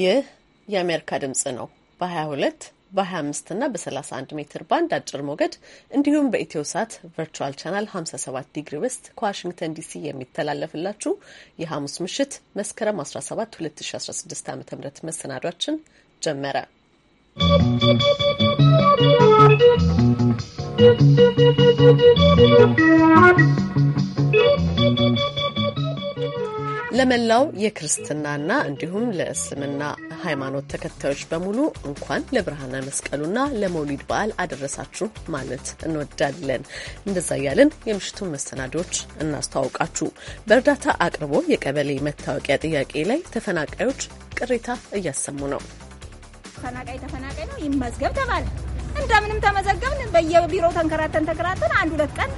ይህ የአሜሪካ ድምጽ ነው። በ22 በ25 እና በ31 ሜትር ባንድ አጭር ሞገድ እንዲሁም በኢትዮ ሳት ቨርቹዋል ቻናል 57 ዲግሪ ውስጥ ከዋሽንግተን ዲሲ የሚተላለፍላችሁ የሐሙስ ምሽት መስከረም 17 2016 ዓ ም መሰናዷችን ጀመረ። ¶¶ ለመላው የክርስትናና እንዲሁም ለእስልምና ሃይማኖት ተከታዮች በሙሉ እንኳን ለብርሃነ መስቀሉና ለመውሊድ በዓል አደረሳችሁ ማለት እንወዳለን። እንደዛ እያልን የምሽቱን መሰናዶዎች እናስተዋውቃችሁ። በእርዳታ አቅርቦ የቀበሌ መታወቂያ ጥያቄ ላይ ተፈናቃዮች ቅሬታ እያሰሙ ነው። ተፈናቃይ ተፈናቃይ ነው ይመዝገብ ተባለ። እንደምንም ተመዘገብን። በየቢሮ ተንከራተን ተከራተን አንድ ሁለት ቀን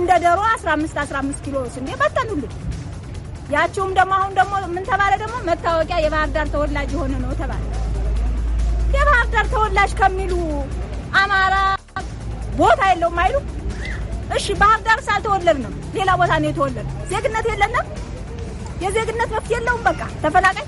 እንደ ደሮ 15 15 ኪሎ ስንዴ በተኑልን ያችሁም ደግሞ አሁን ደግሞ ምን ተባለ ደግሞ መታወቂያ የባህር ዳር ተወላጅ የሆነ ነው ተባለ። የባህር ዳር ተወላጅ ከሚሉ አማራ ቦታ የለውም አይሉ። እሺ ባህር ዳር ሳልተወለድ ነው ሌላ ቦታ ነው የተወለድ። ዜግነት የለንም። የዜግነት መፍት የለውም። በቃ ተፈላቃይ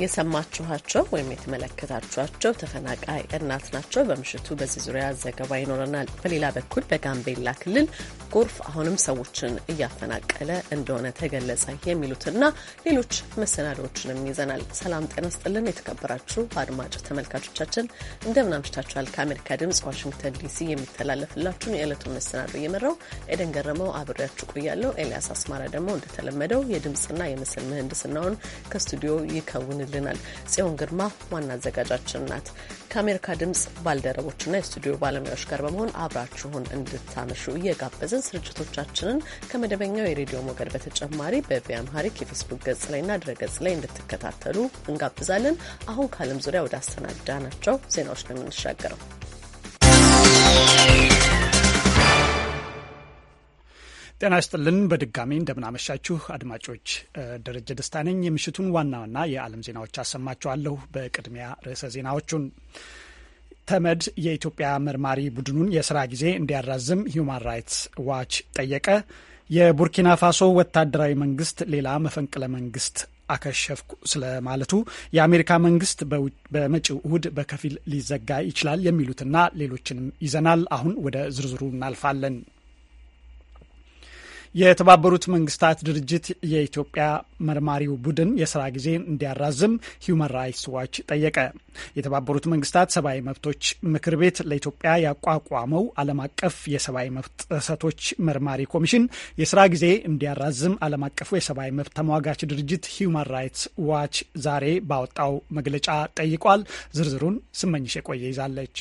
የሰማችኋቸው ወይም የተመለከታችኋቸው ተፈናቃይ እናት ናቸው። በምሽቱ በዚህ ዙሪያ ዘገባ ይኖረናል። በሌላ በኩል በጋምቤላ ክልል ጎርፍ አሁንም ሰዎችን እያፈናቀለ እንደሆነ ተገለጸ። የሚሉትና ሌሎች መሰናዶዎችንም ይዘናል። ሰላም ጤና ስጥልን። የተከበራችሁ አድማጭ ተመልካቾቻችን እንደምን አምሽታችኋል? ከአሜሪካ ድምጽ ዋሽንግተን ዲሲ የሚተላለፍላችሁን የዕለቱን መሰናዶ እየመራው ኤደን ገረመው አብሬያችሁ ቆያለሁ። ኤልያስ አስማራ ደግሞ እንደተለመደው የድምፅና የምስል ምህንድስናውን ከስቱዲዮ ይከውንልናል። ጽዮን ግርማ ዋና አዘጋጃችን ናት። ከአሜሪካ ድምፅ ባልደረቦችና የስቱዲዮ ባለሙያዎች ጋር በመሆን አብራችሁን እንድታመሹ እየጋበዝን ስርጭቶቻችንን ከመደበኛው የሬዲዮ ሞገድ በተጨማሪ በቢያምሃሪክ የፌስቡክ ገጽ ላይና ድረ ገጽ ላይ እንድትከታተሉ እንጋብዛለን። አሁን ከዓለም ዙሪያ ወደ አሰናዳ ናቸው ዜናዎች ነው የምንሻገረው። ጤና ይስጥልን በድጋሚ እንደምናመሻችሁ አድማጮች፣ ደረጀ ደስታ ነኝ። የምሽቱን ዋና ዋና የዓለም ዜናዎች አሰማችኋለሁ። በቅድሚያ ርዕሰ ዜናዎቹን ተመድ የኢትዮጵያ መርማሪ ቡድኑን የስራ ጊዜ እንዲያራዝም ሂዩማን ራይትስ ዋች ጠየቀ። የቡርኪና ፋሶ ወታደራዊ መንግስት ሌላ መፈንቅለ መንግስት አከሸፍኩ ስለማለቱ የአሜሪካ መንግስት በመጪው እሁድ በከፊል ሊዘጋ ይችላል የሚሉትና ሌሎችንም ይዘናል። አሁን ወደ ዝርዝሩ እናልፋለን። የተባበሩት መንግስታት ድርጅት የኢትዮጵያ መርማሪው ቡድን የስራ ጊዜ እንዲያራዝም ሂውማን ራይትስ ዋች ጠየቀ። የተባበሩት መንግስታት ሰብአዊ መብቶች ምክር ቤት ለኢትዮጵያ ያቋቋመው ዓለም አቀፍ የሰብአዊ መብት ጥሰቶች መርማሪ ኮሚሽን የስራ ጊዜ እንዲያራዝም ዓለም አቀፉ የሰብአዊ መብት ተሟጋች ድርጅት ሂውማን ራይትስ ዋች ዛሬ ባወጣው መግለጫ ጠይቋል። ዝርዝሩን ስመኝሽ የቆየ ይዛለች።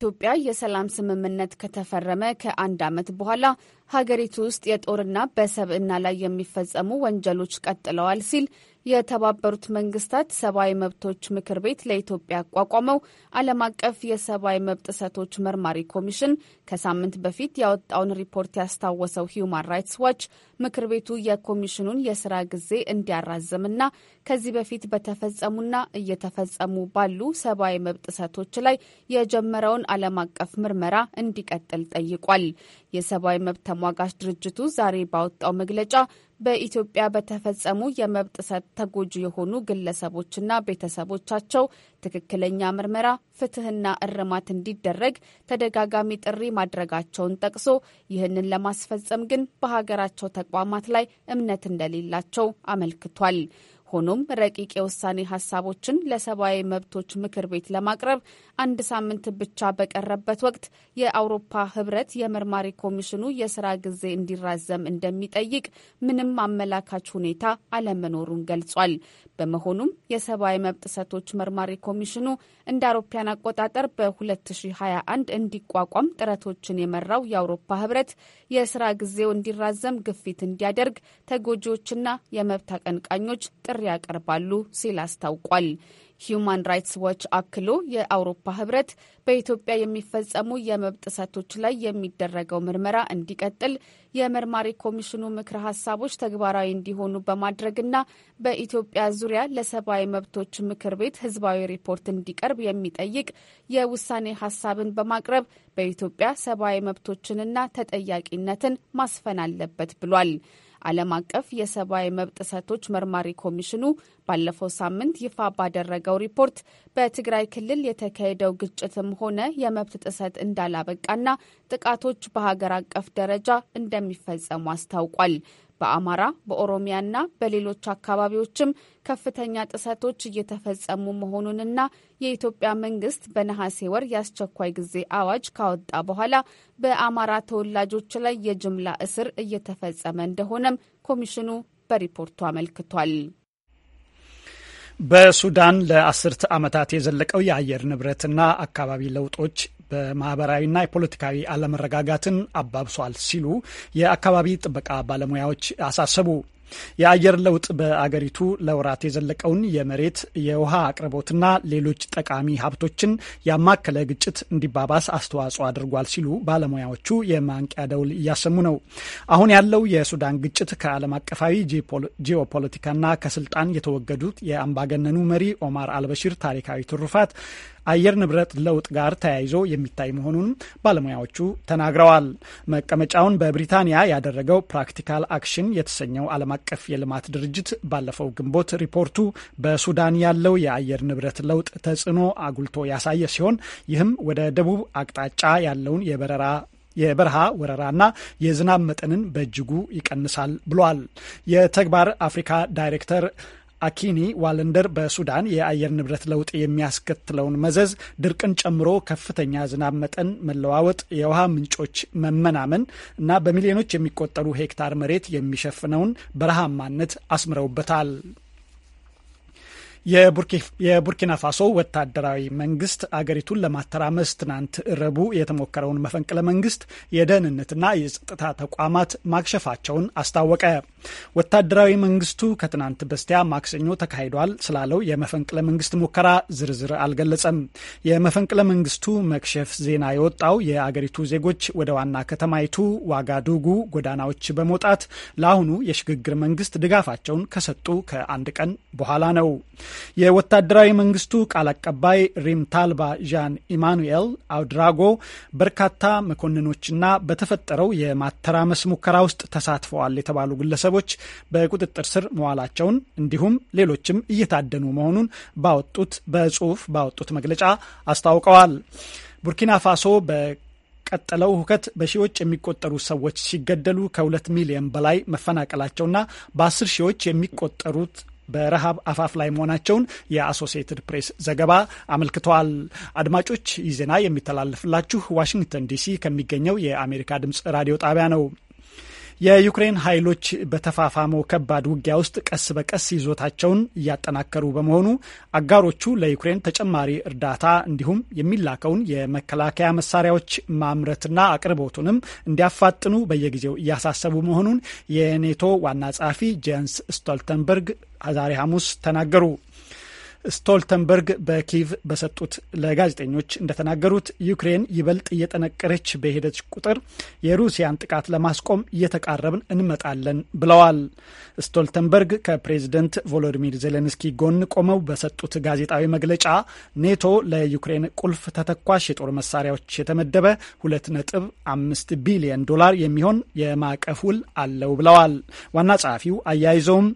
ኢትዮጵያ የሰላም ስምምነት ከተፈረመ ከአንድ ዓመት በኋላ ሀገሪቱ ውስጥ የጦርና በሰብዕና ላይ የሚፈጸሙ ወንጀሎች ቀጥለዋል ሲል የተባበሩት መንግስታት ሰብአዊ መብቶች ምክር ቤት ለኢትዮጵያ ያቋቋመው ዓለም አቀፍ የሰብአዊ መብት ጥሰቶች መርማሪ ኮሚሽን ከሳምንት በፊት ያወጣውን ሪፖርት ያስታወሰው ሂዩማን ራይትስ ዋች ምክር ቤቱ የኮሚሽኑን የስራ ጊዜ እንዲያራዝምና ከዚህ በፊት በተፈጸሙና እየተፈጸሙ ባሉ ሰብአዊ መብት ጥሰቶች ላይ የጀመረውን ዓለም አቀፍ ምርመራ እንዲቀጥል ጠይቋል። የሰብአዊ መብት ተሟጋች ድርጅቱ ዛሬ ባወጣው መግለጫ በኢትዮጵያ በተፈጸሙ የመብት ጥሰት ተጎጂ የሆኑ ግለሰቦችና ቤተሰቦቻቸው ትክክለኛ ምርመራ፣ ፍትህና እርማት እንዲደረግ ተደጋጋሚ ጥሪ ማድረጋቸውን ጠቅሶ ይህንን ለማስፈጸም ግን በሀገራቸው ተቋማት ላይ እምነት እንደሌላቸው አመልክቷል። ሆኖም ረቂቅ የውሳኔ ሀሳቦችን ለሰብአዊ መብቶች ምክር ቤት ለማቅረብ አንድ ሳምንት ብቻ በቀረበት ወቅት የአውሮፓ ህብረት የመርማሪ ኮሚሽኑ የስራ ጊዜ እንዲራዘም እንደሚጠይቅ ምንም አመላካች ሁኔታ አለመኖሩን ገልጿል። በመሆኑም የሰብአዊ መብት ጥሰቶች መርማሪ ኮሚሽኑ እንደ አውሮፓያን አቆጣጠር በ2021 እንዲቋቋም ጥረቶችን የመራው የአውሮፓ ህብረት የስራ ጊዜው እንዲራዘም ግፊት እንዲያደርግ ተጎጂዎችና የመብት አቀንቃኞች ጥሪ ጥሪ ያቀርባሉ ሲል አስታውቋል። ሂዩማን ራይትስ ዎች አክሎ የአውሮፓ ህብረት በኢትዮጵያ የሚፈጸሙ የመብት ጥሰቶች ላይ የሚደረገው ምርመራ እንዲቀጥል የመርማሪ ኮሚሽኑ ምክረ ሀሳቦች ተግባራዊ እንዲሆኑ በማድረግና በኢትዮጵያ ዙሪያ ለሰብአዊ መብቶች ምክር ቤት ህዝባዊ ሪፖርት እንዲቀርብ የሚጠይቅ የውሳኔ ሀሳብን በማቅረብ በኢትዮጵያ ሰብአዊ መብቶችንና ተጠያቂነትን ማስፈን አለበት ብሏል። ዓለም አቀፍ የሰብአዊ መብት ጥሰቶች መርማሪ ኮሚሽኑ ባለፈው ሳምንት ይፋ ባደረገው ሪፖርት በትግራይ ክልል የተካሄደው ግጭትም ሆነ የመብት ጥሰት እንዳላበቃና ጥቃቶች በሀገር አቀፍ ደረጃ እንደሚፈጸሙ አስታውቋል። በአማራ በኦሮሚያና በሌሎች አካባቢዎችም ከፍተኛ ጥሰቶች እየተፈጸሙ መሆኑንና የኢትዮጵያ መንግስት በነሐሴ ወር የአስቸኳይ ጊዜ አዋጅ ካወጣ በኋላ በአማራ ተወላጆች ላይ የጅምላ እስር እየተፈጸመ እንደሆነም ኮሚሽኑ በሪፖርቱ አመልክቷል። በሱዳን ለአስርተ ዓመታት የዘለቀው የአየር ንብረትና አካባቢ ለውጦች በማህበራዊና የፖለቲካዊ አለመረጋጋትን አባብሷል ሲሉ የአካባቢ ጥበቃ ባለሙያዎች አሳሰቡ። የአየር ለውጥ በአገሪቱ ለወራት የዘለቀውን የመሬት የውሃ አቅርቦትና ሌሎች ጠቃሚ ሀብቶችን ያማከለ ግጭት እንዲባባስ አስተዋጽኦ አድርጓል ሲሉ ባለሙያዎቹ የማንቂያ ደውል እያሰሙ ነው። አሁን ያለው የሱዳን ግጭት ከዓለም አቀፋዊ ጂኦፖለቲካና ከስልጣን የተወገዱት የአምባገነኑ መሪ ኦማር አልበሺር ታሪካዊ ትሩፋት አየር ንብረት ለውጥ ጋር ተያይዞ የሚታይ መሆኑንም ባለሙያዎቹ ተናግረዋል። መቀመጫውን በብሪታንያ ያደረገው ፕራክቲካል አክሽን የተሰኘው ዓለም አቀፍ የልማት ድርጅት ባለፈው ግንቦት ሪፖርቱ በሱዳን ያለው የአየር ንብረት ለውጥ ተጽዕኖ አጉልቶ ያሳየ ሲሆን ይህም ወደ ደቡብ አቅጣጫ ያለውን የበረራ የበረሃ ወረራና የዝናብ መጠንን በእጅጉ ይቀንሳል ብሏል። የተግባር አፍሪካ ዳይሬክተር አኪኒ ዋለንደር በሱዳን የአየር ንብረት ለውጥ የሚያስከትለውን መዘዝ ድርቅን ጨምሮ ከፍተኛ ዝናብ መጠን መለዋወጥ፣ የውሃ ምንጮች መመናመን እና በሚሊዮኖች የሚቆጠሩ ሄክታር መሬት የሚሸፍነውን በረሃማነት አስምረውበታል። የቡርኪና ፋሶ ወታደራዊ መንግስት አገሪቱን ለማተራመስ ትናንት ረቡ የተሞከረውን መፈንቅለ መንግስት የደህንነትና የጸጥታ ተቋማት ማክሸፋቸውን አስታወቀ። ወታደራዊ መንግስቱ ከትናንት በስቲያ ማክሰኞ ተካሂዷል ስላለው የመፈንቅለ መንግስት ሙከራ ዝርዝር አልገለጸም። የመፈንቅለ መንግስቱ መክሸፍ ዜና የወጣው የአገሪቱ ዜጎች ወደ ዋና ከተማይቱ ዋጋዱጉ ጎዳናዎች በመውጣት ለአሁኑ የሽግግር መንግስት ድጋፋቸውን ከሰጡ ከአንድ ቀን በኋላ ነው። የወታደራዊ መንግስቱ ቃል አቀባይ ሪምታልባ ዣን ኢማኑኤል አውድራጎ በርካታ መኮንኖችና በተፈጠረው የማተራመስ ሙከራ ውስጥ ተሳትፈዋል የተባሉ ግለሰቦች በቁጥጥር ስር መዋላቸውን እንዲሁም ሌሎችም እየታደኑ መሆኑን ባወጡት በጽሁፍ ባወጡት መግለጫ አስታውቀዋል። ቡርኪና ፋሶ በቀጠለው ሁከት በሺዎች የሚቆጠሩ ሰዎች ሲገደሉ ከሁለት ሚሊዮን በላይ መፈናቀላቸውና በአስር ሺዎች የሚቆጠሩት በረሃብ አፋፍ ላይ መሆናቸውን የአሶሲየትድ ፕሬስ ዘገባ አመልክተዋል። አድማጮች ይህ ዜና የሚተላለፍላችሁ ዋሽንግተን ዲሲ ከሚገኘው የአሜሪካ ድምጽ ራዲዮ ጣቢያ ነው። የዩክሬን ኃይሎች በተፋፋመው ከባድ ውጊያ ውስጥ ቀስ በቀስ ይዞታቸውን እያጠናከሩ በመሆኑ አጋሮቹ ለዩክሬን ተጨማሪ እርዳታ እንዲሁም የሚላከውን የመከላከያ መሳሪያዎች ማምረትና አቅርቦቱንም እንዲያፋጥኑ በየጊዜው እያሳሰቡ መሆኑን የኔቶ ዋና ጸሐፊ ጄንስ ስቶልተንበርግ ዛሬ ሐሙስ ተናገሩ። ስቶልተንበርግ በኪቭ በሰጡት ለጋዜጠኞች እንደተናገሩት ዩክሬን ይበልጥ እየጠነቀረች በሄደች ቁጥር የሩሲያን ጥቃት ለማስቆም እየተቃረብን እንመጣለን ብለዋል። ስቶልተንበርግ ከፕሬዚደንት ቮሎዲሚር ዜሌንስኪ ጎን ቆመው በሰጡት ጋዜጣዊ መግለጫ ኔቶ ለዩክሬን ቁልፍ ተተኳሽ የጦር መሳሪያዎች የተመደበ 2.5 ቢሊዮን ዶላር የሚሆን የማዕቀፍ ውል አለው ብለዋል። ዋና ጸሐፊው አያይዘውም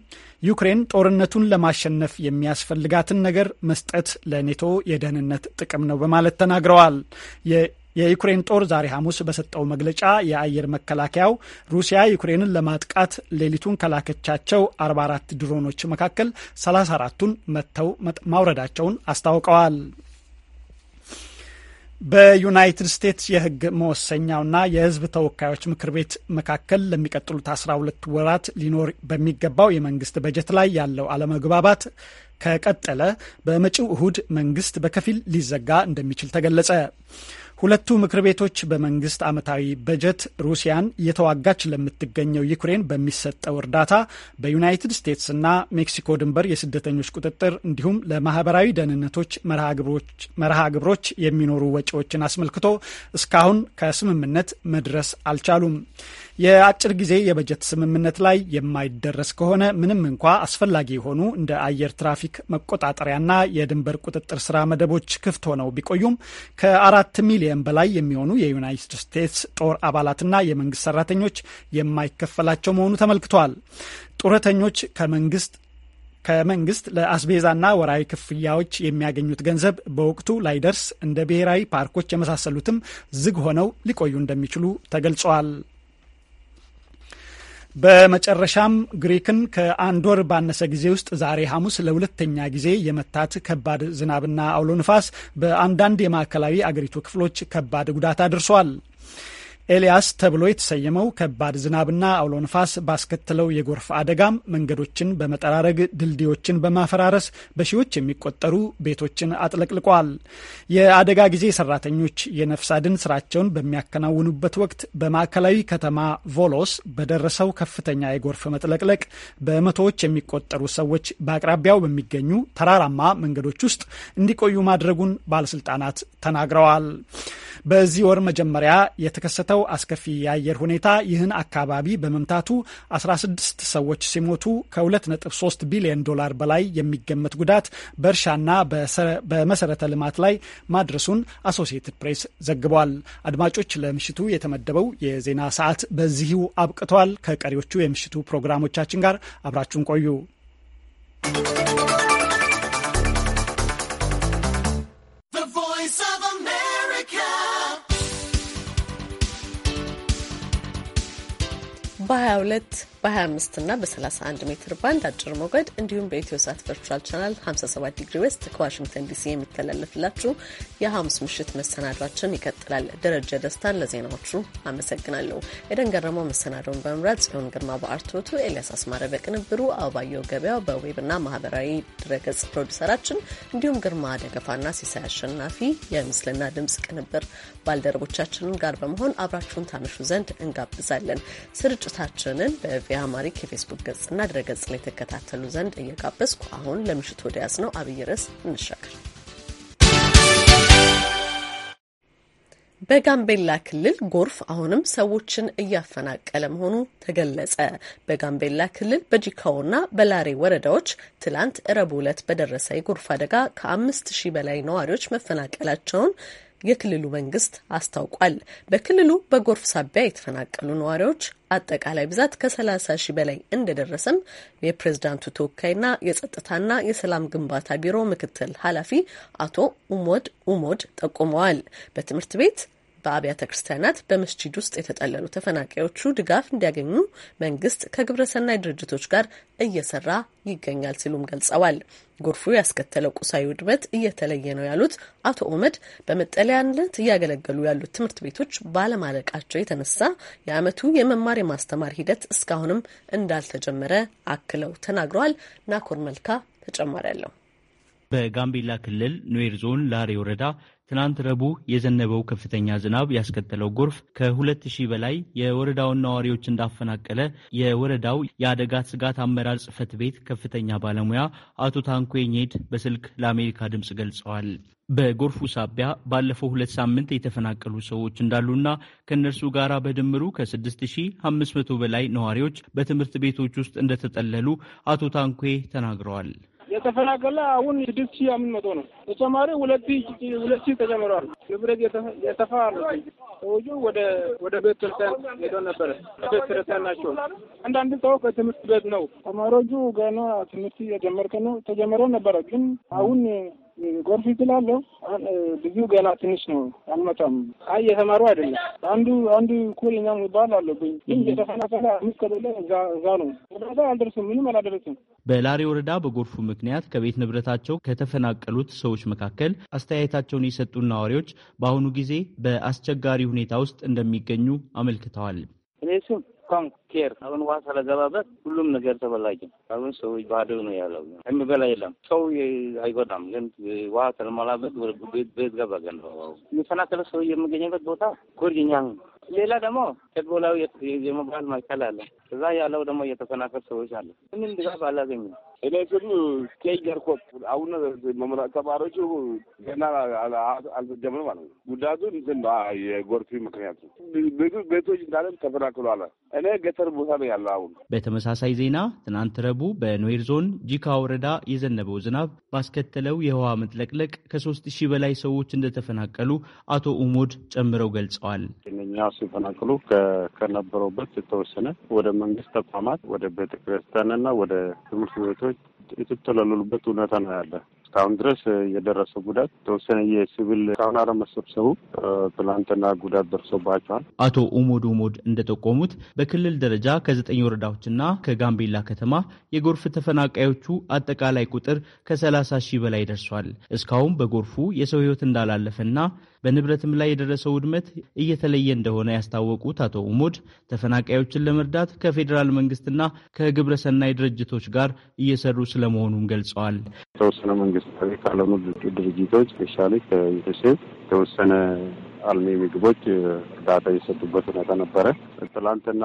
ዩክሬን ጦርነቱን ለማሸነፍ የሚያስፈልጋትን ነገር መስጠት ለኔቶ የደህንነት ጥቅም ነው በማለት ተናግረዋል። የዩክሬን ጦር ዛሬ ሐሙስ በሰጠው መግለጫ የአየር መከላከያው ሩሲያ ዩክሬንን ለማጥቃት ሌሊቱን ከላከቻቸው 44 ድሮኖች መካከል 34ቱን መተው ማውረዳቸውን አስታውቀዋል። በዩናይትድ ስቴትስ የህግ መወሰኛውና የህዝብ ተወካዮች ምክር ቤት መካከል ለሚቀጥሉት 12 ወራት ሊኖር በሚገባው የመንግስት በጀት ላይ ያለው አለመግባባት ከቀጠለ በመጪው እሁድ መንግስት በከፊል ሊዘጋ እንደሚችል ተገለጸ። ሁለቱ ምክር ቤቶች በመንግስት ዓመታዊ በጀት ሩሲያን እየተዋጋች ለምትገኘው ዩክሬን በሚሰጠው እርዳታ በዩናይትድ ስቴትስና ሜክሲኮ ድንበር የስደተኞች ቁጥጥር እንዲሁም ለማህበራዊ ደህንነቶች መርሃ ግብሮች የሚኖሩ ወጪዎችን አስመልክቶ እስካሁን ከስምምነት መድረስ አልቻሉም። የአጭር ጊዜ የበጀት ስምምነት ላይ የማይደረስ ከሆነ ምንም እንኳ አስፈላጊ የሆኑ እንደ አየር ትራፊክ መቆጣጠሪያና የድንበር ቁጥጥር ስራ መደቦች ክፍት ሆነው ቢቆዩም ከአራት ሚሊየን በላይ የሚሆኑ የዩናይትድ ስቴትስ ጦር አባላትና የመንግስት ሰራተኞች የማይከፈላቸው መሆኑ ተመልክተዋል። ጡረተኞች ከመንግስት ከመንግስት ለአስቤዛና ወራዊ ክፍያዎች የሚያገኙት ገንዘብ በወቅቱ ላይደርስ እንደ ብሔራዊ ፓርኮች የመሳሰሉትም ዝግ ሆነው ሊቆዩ እንደሚችሉ ተገልጸዋል። በመጨረሻም ግሪክን ከአንድ ወር ባነሰ ጊዜ ውስጥ ዛሬ ሐሙስ ለሁለተኛ ጊዜ የመታት ከባድ ዝናብና አውሎ ንፋስ በአንዳንድ የማዕከላዊ አገሪቱ ክፍሎች ከባድ ጉዳት አድርሷል። ኤልያስ ተብሎ የተሰየመው ከባድ ዝናብና አውሎ ንፋስ ባስከተለው የጎርፍ አደጋም መንገዶችን በመጠራረግ ድልድዮችን በማፈራረስ በሺዎች የሚቆጠሩ ቤቶችን አጥለቅልቋል። የአደጋ ጊዜ ሰራተኞች የነፍስ አድን ስራቸውን በሚያከናውኑበት ወቅት በማዕከላዊ ከተማ ቮሎስ በደረሰው ከፍተኛ የጎርፍ መጥለቅለቅ በመቶዎች የሚቆጠሩ ሰዎች በአቅራቢያው በሚገኙ ተራራማ መንገዶች ውስጥ እንዲቆዩ ማድረጉን ባለስልጣናት ተናግረዋል። በዚህ ወር መጀመሪያ የተከሰተው የተከሰተው አስከፊ የአየር ሁኔታ ይህን አካባቢ በመምታቱ 16 ሰዎች ሲሞቱ ከ2.3 ቢሊዮን ዶላር በላይ የሚገመት ጉዳት በእርሻና በመሰረተ ልማት ላይ ማድረሱን አሶሲየትድ ፕሬስ ዘግቧል። አድማጮች፣ ለምሽቱ የተመደበው የዜና ሰዓት በዚሁ አብቅቷል። ከቀሪዎቹ የምሽቱ ፕሮግራሞቻችን ጋር አብራችሁን ቆዩ። በ22 በ25 እና በ31 ሜትር ባንድ አጭር ሞገድ እንዲሁም በኢትዮ ሳት ቨርቹዋል ቻናል 57 ዲግሪ ዌስት ከዋሽንግተን ዲሲ የሚተላለፍላችሁ የሐሙስ ምሽት መሰናዷችን ይቀጥላል። ደረጀ ደስታን ለዜናዎቹ አመሰግናለሁ። ኤደን ገረመው መሰናዶውን በመምራት ጽዮን ግርማ በአርቶቱ ኤልያስ አስማረ በቅንብሩ፣ አበባየው ገበያው በዌብና ማህበራዊ ድረገጽ ፕሮዲሰራችን እንዲሁም ግርማ ደገፋና ሲሳይ አሸናፊ የምስልና ድምጽ ቅንብር ባልደረቦቻችንን ጋር በመሆን አብራችሁን ታመሹ ዘንድ እንጋብዛለን። ስርጭታችንን በቪ የአማሪክ የፌስቡክ ገጽና ድረገጽ ላይ የተከታተሉ ዘንድ እየጋበዝኩ አሁን ለምሽቱ ወደ ያዝ ነው አብይ ርዕስ እንሻገር። በጋምቤላ ክልል ጎርፍ አሁንም ሰዎችን እያፈናቀለ መሆኑ ተገለጸ። በጋምቤላ ክልል በጂካዎና በላሬ ወረዳዎች ትላንት ረቡዕ ዕለት በደረሰ የጎርፍ አደጋ ከአምስት ሺህ በላይ ነዋሪዎች መፈናቀላቸውን የክልሉ መንግስት አስታውቋል። በክልሉ በጎርፍ ሳቢያ የተፈናቀሉ ነዋሪዎች አጠቃላይ ብዛት ከ30 ሺ በላይ እንደደረሰም የፕሬዝዳንቱ ተወካይና የጸጥታና የሰላም ግንባታ ቢሮ ምክትል ኃላፊ አቶ ኡሞድ ኡሞድ ጠቁመዋል። በትምህርት ቤት በአብያተ ክርስቲያናት፣ በመስጂድ ውስጥ የተጠለሉ ተፈናቃዮቹ ድጋፍ እንዲያገኙ መንግስት ከግብረሰናይ ድርጅቶች ጋር እየሰራ ይገኛል ሲሉም ገልጸዋል። ጎርፉ ያስከተለው ቁሳዊ ውድመት እየተለየ ነው ያሉት አቶ ኦመድ በመጠለያነት እያገለገሉ ያሉት ትምህርት ቤቶች ባለማለቃቸው የተነሳ የአመቱ የመማር የማስተማር ሂደት እስካሁንም እንዳልተጀመረ አክለው ተናግረዋል። ናኮር መልካ ተጨማሪ አለው። በጋምቤላ ክልል ኑዌር ዞን ላሬ ወረዳ ትናንት ረቡዕ የዘነበው ከፍተኛ ዝናብ ያስከተለው ጎርፍ ከሁለት ሺህ በላይ የወረዳውን ነዋሪዎች እንዳፈናቀለ የወረዳው የአደጋ ስጋት አመራር ጽህፈት ቤት ከፍተኛ ባለሙያ አቶ ታንኩ ኔድ በስልክ ለአሜሪካ ድምፅ ገልጸዋል። በጎርፉ ሳቢያ ባለፈው ሁለት ሳምንት የተፈናቀሉ ሰዎች እንዳሉና ከእነርሱ ጋር በድምሩ ከ6500 በላይ ነዋሪዎች በትምህርት ቤቶች ውስጥ እንደተጠለሉ አቶ ታንኩ ተናግረዋል። የተፈናቀለ አሁን ስድስት ሺህ አምስት መቶ ነው። ተጨማሪ ሁለት ሺህ ሁለት ሺህ ተጨምሯል። ንብረት የተፋ አሉ። ሰዎቹ ወደ ወደ ቤተ ክርስቲያን ሄዶ ነበረ። ቤተ ክርስቲያን ናቸው። አንዳንድ ሰው ከትምህርት ቤት ነው። ተማሪዎቹ ገና ትምህርት የጀመርከ ነው ተጀምሮ ነበረ ግን አሁን ጎርፍ ይችላለሁ። ብዙ ገና ትንሽ ነው አልመጣም። አይ የተማሩ አይደለም። አንዱ አንዱ ኮሪኛ የሚባል አለብኝ ግን የተፈናፈለ አምስት ከሌለ እዛ ነው ወደዛ አልደርስም፣ ምንም አላደረስም። በላሪ ወረዳ በጎርፉ ምክንያት ከቤት ንብረታቸው ከተፈናቀሉት ሰዎች መካከል አስተያየታቸውን የሰጡን ነዋሪዎች በአሁኑ ጊዜ በአስቸጋሪ ሁኔታ ውስጥ እንደሚገኙ አመልክተዋል። እኔ ስም እንኳን ኬር አሁን ውሃ ስለገባበት ሁሉም ነገር ተበላጊ። አሁን ሰው ባዶ ነው ያለው፣ የሚበላ የለም። ሰው አይጎዳም፣ ግን ውሃ ስለሞላበት ቤት ገባ። ገን የሚፈናቀለ ሰው የሚገኝበት ቦታ ጎርኛ ሌላ ደግሞ ቸጎላዊ የመባል ማይቻል አለ። እዛ ያለው ደግሞ የተፈናቀል ሰዎች አለ። ምንም ድጋፍ አላገኝም። እኔ ስም ስቴጅ ገርኮት አሁን ተማሪዎቹ ገና አልጀመርም ማለት ነው። ጉዳቱ እንትን የጎርፊ ምክንያት ቤቶች እንዳለም ተፈናቅሏል። እኔ ገጠር ቦታ ነው ያለ። አሁን በተመሳሳይ ዜና ትናንት ረቡዕ በኖዌር ዞን ጂካ ወረዳ የዘነበው ዝናብ ባስከተለው የውሃ መጥለቅለቅ ከሶስት ሺህ በላይ ሰዎች እንደተፈናቀሉ አቶ ኡሙድ ጨምረው ገልጸዋል። እኛ ሲፈናቅሉ ከነበረውበት የተወሰነ ወደ መንግስት ተቋማት ወደ ቤተክርስቲያንና ወደ ትምህርት ቤቱ ሰዎች የተጠለሉበት እውነታ ነው ያለ። እስካሁን ድረስ የደረሰው ጉዳት የተወሰነ የሲቪል እስካሁን አለመሰብሰቡ ትላንትና ጉዳት ደርሶባቸዋል። አቶ ኡሞድ ኡሞድ እንደጠቆሙት በክልል ደረጃ ከዘጠኝ ወረዳዎችና ከጋምቤላ ከተማ የጎርፍ ተፈናቃዮቹ አጠቃላይ ቁጥር ከሰላሳ ሺህ በላይ ደርሷል። እስካሁን በጎርፉ የሰው ህይወት እንዳላለፈና በንብረትም ላይ የደረሰው ውድመት እየተለየ እንደሆነ ያስታወቁት አቶ ኡሞድ ተፈናቃዮችን ለመርዳት ከፌዴራል መንግስትና ከግብረ ሰናይ ድርጅቶች ጋር እየሰሩ ስለመሆኑም ገልጸዋል። የተወሰነ መንግስታዊ ካልሆኑ ድርጅቶች ስፔሻሊ ከዩኒሴፍ የተወሰነ አልሚ ምግቦች እርዳታ የሰጡበት ሁኔታ ነበረ። ትላንትና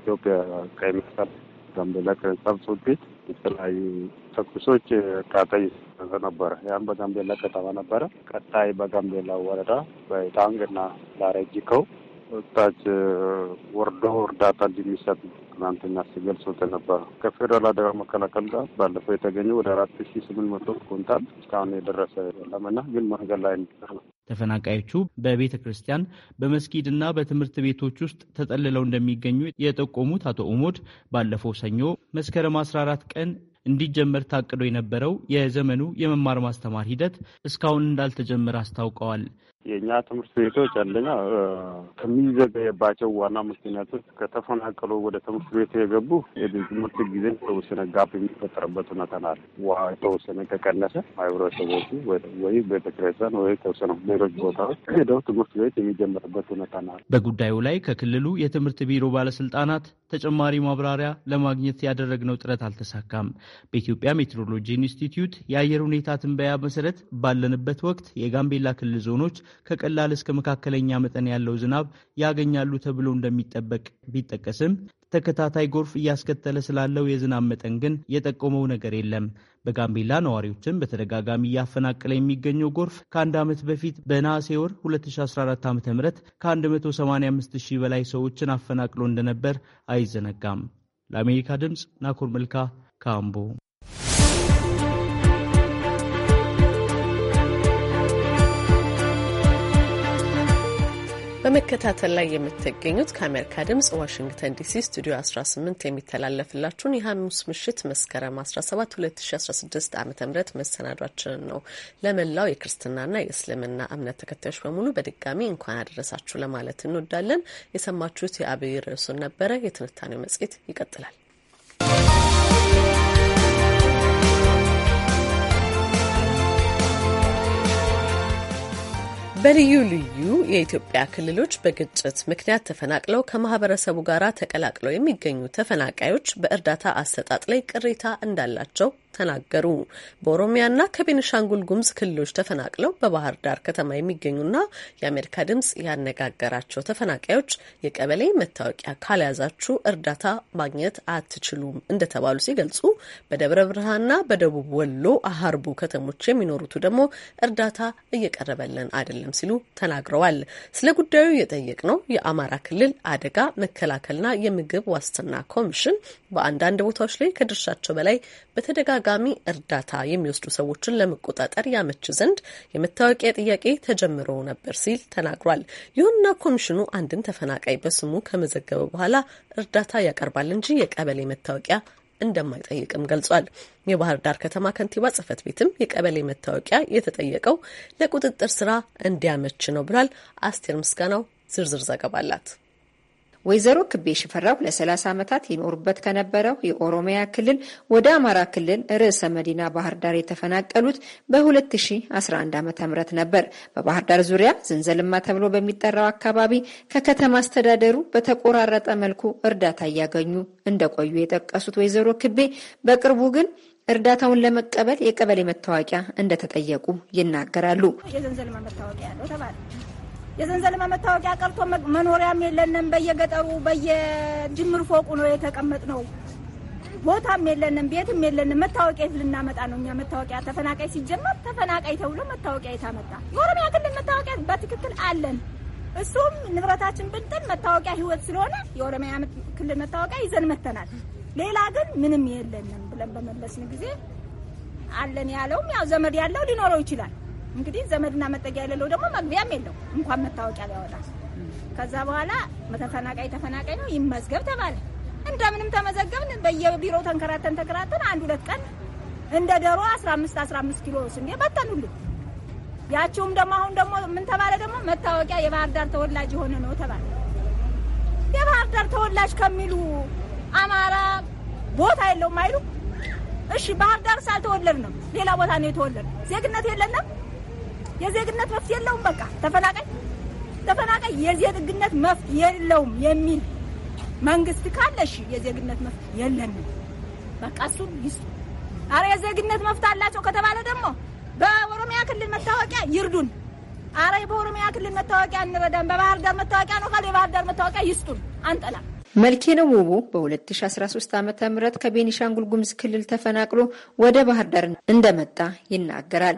ኢትዮጵያ ቀይ መስቀል ጋምቤላ ከጸብ ውጤት የተለያዩ ተኩሶች እርዳታ እየተሰጠ ነበረ። ያም በጋምቤላ ከተማ ነበረ። ቀጣይ በጋምቤላ ወረዳ በኢታንግና ላረጅከው ወጣች ወርዶ እርዳታ እንደሚሰጥ ትናንትና ሲገልጹት ነበረ። ከፌዴራል አደጋ መከላከል ጋር ባለፈው የተገኘ ወደ አራት ሺ ስምንት መቶ ኩንታል እስካሁን የደረሰ የለምና ግን መንገድ ላይ ነው ተፈናቃዮቹ በቤተ ክርስቲያን በመስጊድና በትምህርት ቤቶች ውስጥ ተጠልለው እንደሚገኙ የጠቆሙት አቶ ኡሞድ ባለፈው ሰኞ መስከረም 14 ቀን እንዲጀመር ታቅዶ የነበረው የዘመኑ የመማር ማስተማር ሂደት እስካሁን እንዳልተጀመረ አስታውቀዋል። የእኛ ትምህርት ቤቶች አንደኛ ከሚዘገየባቸው ዋና ምክንያቶች ከተፈናቀሉ ወደ ትምህርት ቤት የገቡ ትምህርት ጊዜ የተወሰነ ጋፕ የሚፈጠርበት ሁኔታ ናል። የተወሰነ ከቀነሰ ማህበረሰቦቹ ወይ ቤተክርስቲያን ወይ ተወሰነ ሌሎች ቦታዎች ሄደው ትምህርት ቤት የሚጀምርበት ሁኔታ በጉዳዩ ላይ ከክልሉ የትምህርት ቢሮ ባለስልጣናት ተጨማሪ ማብራሪያ ለማግኘት ያደረግነው ጥረት አልተሳካም። በኢትዮጵያ ሜትሮሎጂ ኢንስቲትዩት የአየር ሁኔታ ትንበያ መሰረት ባለንበት ወቅት የጋምቤላ ክልል ዞኖች ከቀላል እስከ መካከለኛ መጠን ያለው ዝናብ ያገኛሉ ተብሎ እንደሚጠበቅ ቢጠቀስም ተከታታይ ጎርፍ እያስከተለ ስላለው የዝናብ መጠን ግን የጠቆመው ነገር የለም። በጋምቤላ ነዋሪዎችን በተደጋጋሚ እያፈናቀለ የሚገኘው ጎርፍ ከአንድ ዓመት በፊት በነሐሴ ወር 2014 ዓ ም ከ185 ሺህ በላይ ሰዎችን አፈናቅሎ እንደነበር አይዘነጋም። ለአሜሪካ ድምፅ ናኮር መልካ ካምቦ በመከታተል ላይ የምትገኙት ከአሜሪካ ድምጽ ዋሽንግተን ዲሲ ስቱዲዮ 18 የሚተላለፍላችሁን የሐሙስ ምሽት መስከረም 17 2016 ዓ ም መሰናዷችንን ነው። ለመላው የክርስትናና የእስልምና እምነት ተከታዮች በሙሉ በድጋሚ እንኳን አደረሳችሁ ለማለት እንወዳለን። የሰማችሁት የአብይ ርዕሱን ነበረ። የትንታኔው መጽሔት ይቀጥላል። በልዩ ልዩ የኢትዮጵያ ክልሎች በግጭት ምክንያት ተፈናቅለው ከማህበረሰቡ ጋር ተቀላቅለው የሚገኙ ተፈናቃዮች በእርዳታ አሰጣጥ ላይ ቅሬታ እንዳላቸው ተናገሩ። በኦሮሚያና ከቤንሻንጉል ጉሙዝ ክልሎች ተፈናቅለው በባህር ዳር ከተማ የሚገኙና የአሜሪካ ድምጽ ያነጋገራቸው ተፈናቃዮች የቀበሌ መታወቂያ ካልያዛችሁ እርዳታ ማግኘት አትችሉም እንደተባሉ ሲገልጹ በደብረ ብርሃንና በደቡብ ወሎ አሀርቡ ከተሞች የሚኖሩቱ ደግሞ እርዳታ እየቀረበለን አይደለም ሲሉ ተናግረዋል። ስለ ጉዳዩ የጠየቅነው የአማራ ክልል አደጋ መከላከልና የምግብ ዋስትና ኮሚሽን በአንዳንድ ቦታዎች ላይ ከድርሻቸው በላይ በተደጋጋ በተደጋጋሚ እርዳታ የሚወስዱ ሰዎችን ለመቆጣጠር ያመች ዘንድ የመታወቂያ ጥያቄ ተጀምሮ ነበር ሲል ተናግሯል። ይሁንና ኮሚሽኑ አንድን ተፈናቃይ በስሙ ከመዘገበ በኋላ እርዳታ ያቀርባል እንጂ የቀበሌ መታወቂያ እንደማይጠይቅም ገልጿል። የባህር ዳር ከተማ ከንቲባ ጽህፈት ቤትም የቀበሌ መታወቂያ የተጠየቀው ለቁጥጥር ስራ እንዲያመች ነው ብሏል። አስቴር ምስጋናው ዝርዝር ዘገባ አላት። ወይዘሮ ክቤ ሽፈራው ለ30 ዓመታት ይኖሩበት ከነበረው የኦሮሚያ ክልል ወደ አማራ ክልል ርዕሰ መዲና ባህር ዳር የተፈናቀሉት በ2011 ዓ.ም ነበር። በባህር ዳር ዙሪያ ዝንዘልማ ተብሎ በሚጠራው አካባቢ ከከተማ አስተዳደሩ በተቆራረጠ መልኩ እርዳታ እያገኙ እንደቆዩ የጠቀሱት ወይዘሮ ክቤ በቅርቡ ግን እርዳታውን ለመቀበል የቀበሌ መታወቂያ እንደተጠየቁ ይናገራሉ። የዘንዘልማ መታወቂያ ነው ተባለ የዘንዘልማ መታወቂያ ቀርቶ መኖሪያም የለንም። በየገጠሩ በየጅምር ፎቁ ነው ነው። ቦታም የለንም፣ ቤትም የለንም። መታወቂያ የት ልናመጣ ነው እኛ? መታወቂያ ተፈናቃይ ሲጀመር ተፈናቃይ ተብሎ መታወቂያ የታመጣ? የኦሮሚያ ክልል መታወቂያ በትክክል አለን። እሱም ንብረታችን ብንጥል መታወቂያ ህይወት ስለሆነ የኦሮሚያ ክልል መታወቂያ ይዘን መተናል። ሌላ ግን ምንም የለንም ብለን በመለስን ጊዜ አለን ያለውም ያው ዘመድ ያለው ሊኖረው ይችላል እንግዲህ ዘመድና መጠጊያ የሌለው ደግሞ መግቢያም የለው እንኳን መታወቂያ ቢያወጣ። ከዛ በኋላ ተፈናቃይ ተፈናቃይ ነው ይመዝገብ ተባለ። እንደምንም ተመዘገብን። በየቢሮው ተንከራተን ተከራተን አንድ ሁለት ቀን እንደ ደሮ 15 15 ኪሎ ስንዴ በተኑልን። ያችሁም ደግሞ አሁን ደግሞ ምን ተባለ ደግሞ መታወቂያ የባህር ዳር ተወላጅ የሆነ ነው ተባለ። የባህር ዳር ተወላጅ ከሚሉ አማራ ቦታ የለውም አይሉ። እሺ ባህር ዳር ሳልተወለድ ነው ሌላ ቦታ ነው የተወለድ ዜግነት የለንም የዜግነት መፍት የለውም። በቃ ተፈናቃይ ተፈናቃይ የዜግነት መፍት የለውም የሚል መንግስት ካለሽ የዜግነት መፍት የለንም። በቃ እሱን ይስጡ። አረ የዜግነት መፍት አላቸው ከተባለ ደግሞ በኦሮሚያ ክልል መታወቂያ ይርዱን። አረ በኦሮሚያ ክልል መታወቂያ እንረዳን። በባህር ዳር መታወቂያ ነው ካለ የባህር ዳር መታወቂያ ይስጡን። አንጠላ መልኬ ነው ውቡ በ2013 ዓ ም ከቤኒሻንጉል ጉሙዝ ክልል ተፈናቅሎ ወደ ባህር ዳር እንደመጣ ይናገራል።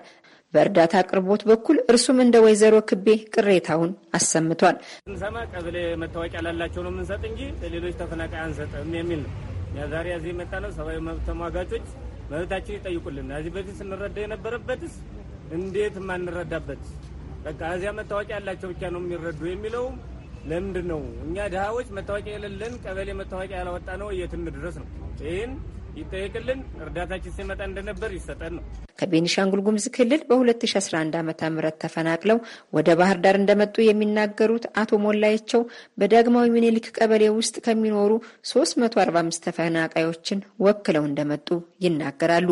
በእርዳታ አቅርቦት በኩል እርሱም እንደ ወይዘሮ ክቤ ቅሬታውን አሰምቷል። ስንሰማ ቀበሌ መታወቂያ ላላቸው ነው የምንሰጥ እንጂ ሌሎች ተፈናቃይ አንሰጥም የሚል ነው። ዛሬ እዚህ የመጣ ነው። ሰብአዊ መብት ተሟጋቾች መብታችን ይጠይቁልን እዚህ በፊት ስንረዳ የነበረበትስ እንዴት ማንረዳበት በቃ እዚያ መታወቂያ ያላቸው ብቻ ነው የሚረዱ የሚለው ለምንድን ነው? እኛ ድሃዎች መታወቂያ የሌለን ቀበሌ መታወቂያ ያላወጣ ነው የትም ድረስ ነው ይህን ይጠየቅልን፣ እርዳታችን ሲመጣ እንደነበር ይሰጠን ነው። ከቤኒሻንጉል ጉምዝ ክልል በ2011 ዓ ም ተፈናቅለው ወደ ባህር ዳር እንደመጡ የሚናገሩት አቶ ሞላየቸው በዳግማዊ ምኒልክ ቀበሌ ውስጥ ከሚኖሩ 345 ተፈናቃዮችን ወክለው እንደመጡ ይናገራሉ።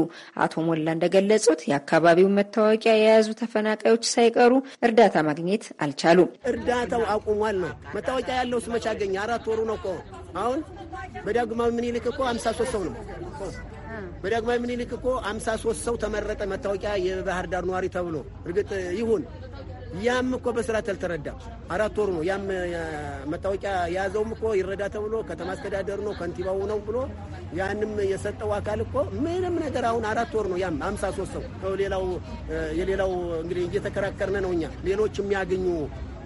አቶ ሞላ እንደገለጹት የአካባቢውን መታወቂያ የያዙ ተፈናቃዮች ሳይቀሩ እርዳታ ማግኘት አልቻሉም። እርዳታው አቁሟል ነው። መታወቂያ ያለው ስመቻገኝ አራት ወሩ ነው እኮ አሁን በዳግማዊ ምኒልክ እኮ 53 ሰው ነው እኮ በዳግማዊ ምኒልክ እኮ አምሳ ሶስት ሰው ተመረጠ መታወቂያ የባህር ዳር ነዋሪ ተብሎ። እርግጥ ይሁን ያም እኮ በስርዓት አልተረዳም። አራት ወሩ ነው ያም መታወቂያ የያዘውም እኮ ይረዳ ተብሎ ከተማ አስተዳደሩ ነው ከንቲባው ነው ብሎ ያንም የሰጠው አካል እኮ ምንም ነገር አሁን አራት ወር ነው ያም አምሳ ሶስት ሰው ከሌላው የሌላው እንግዲህ እየተከራከርን ነው እኛ ሌሎች የሚያገኙ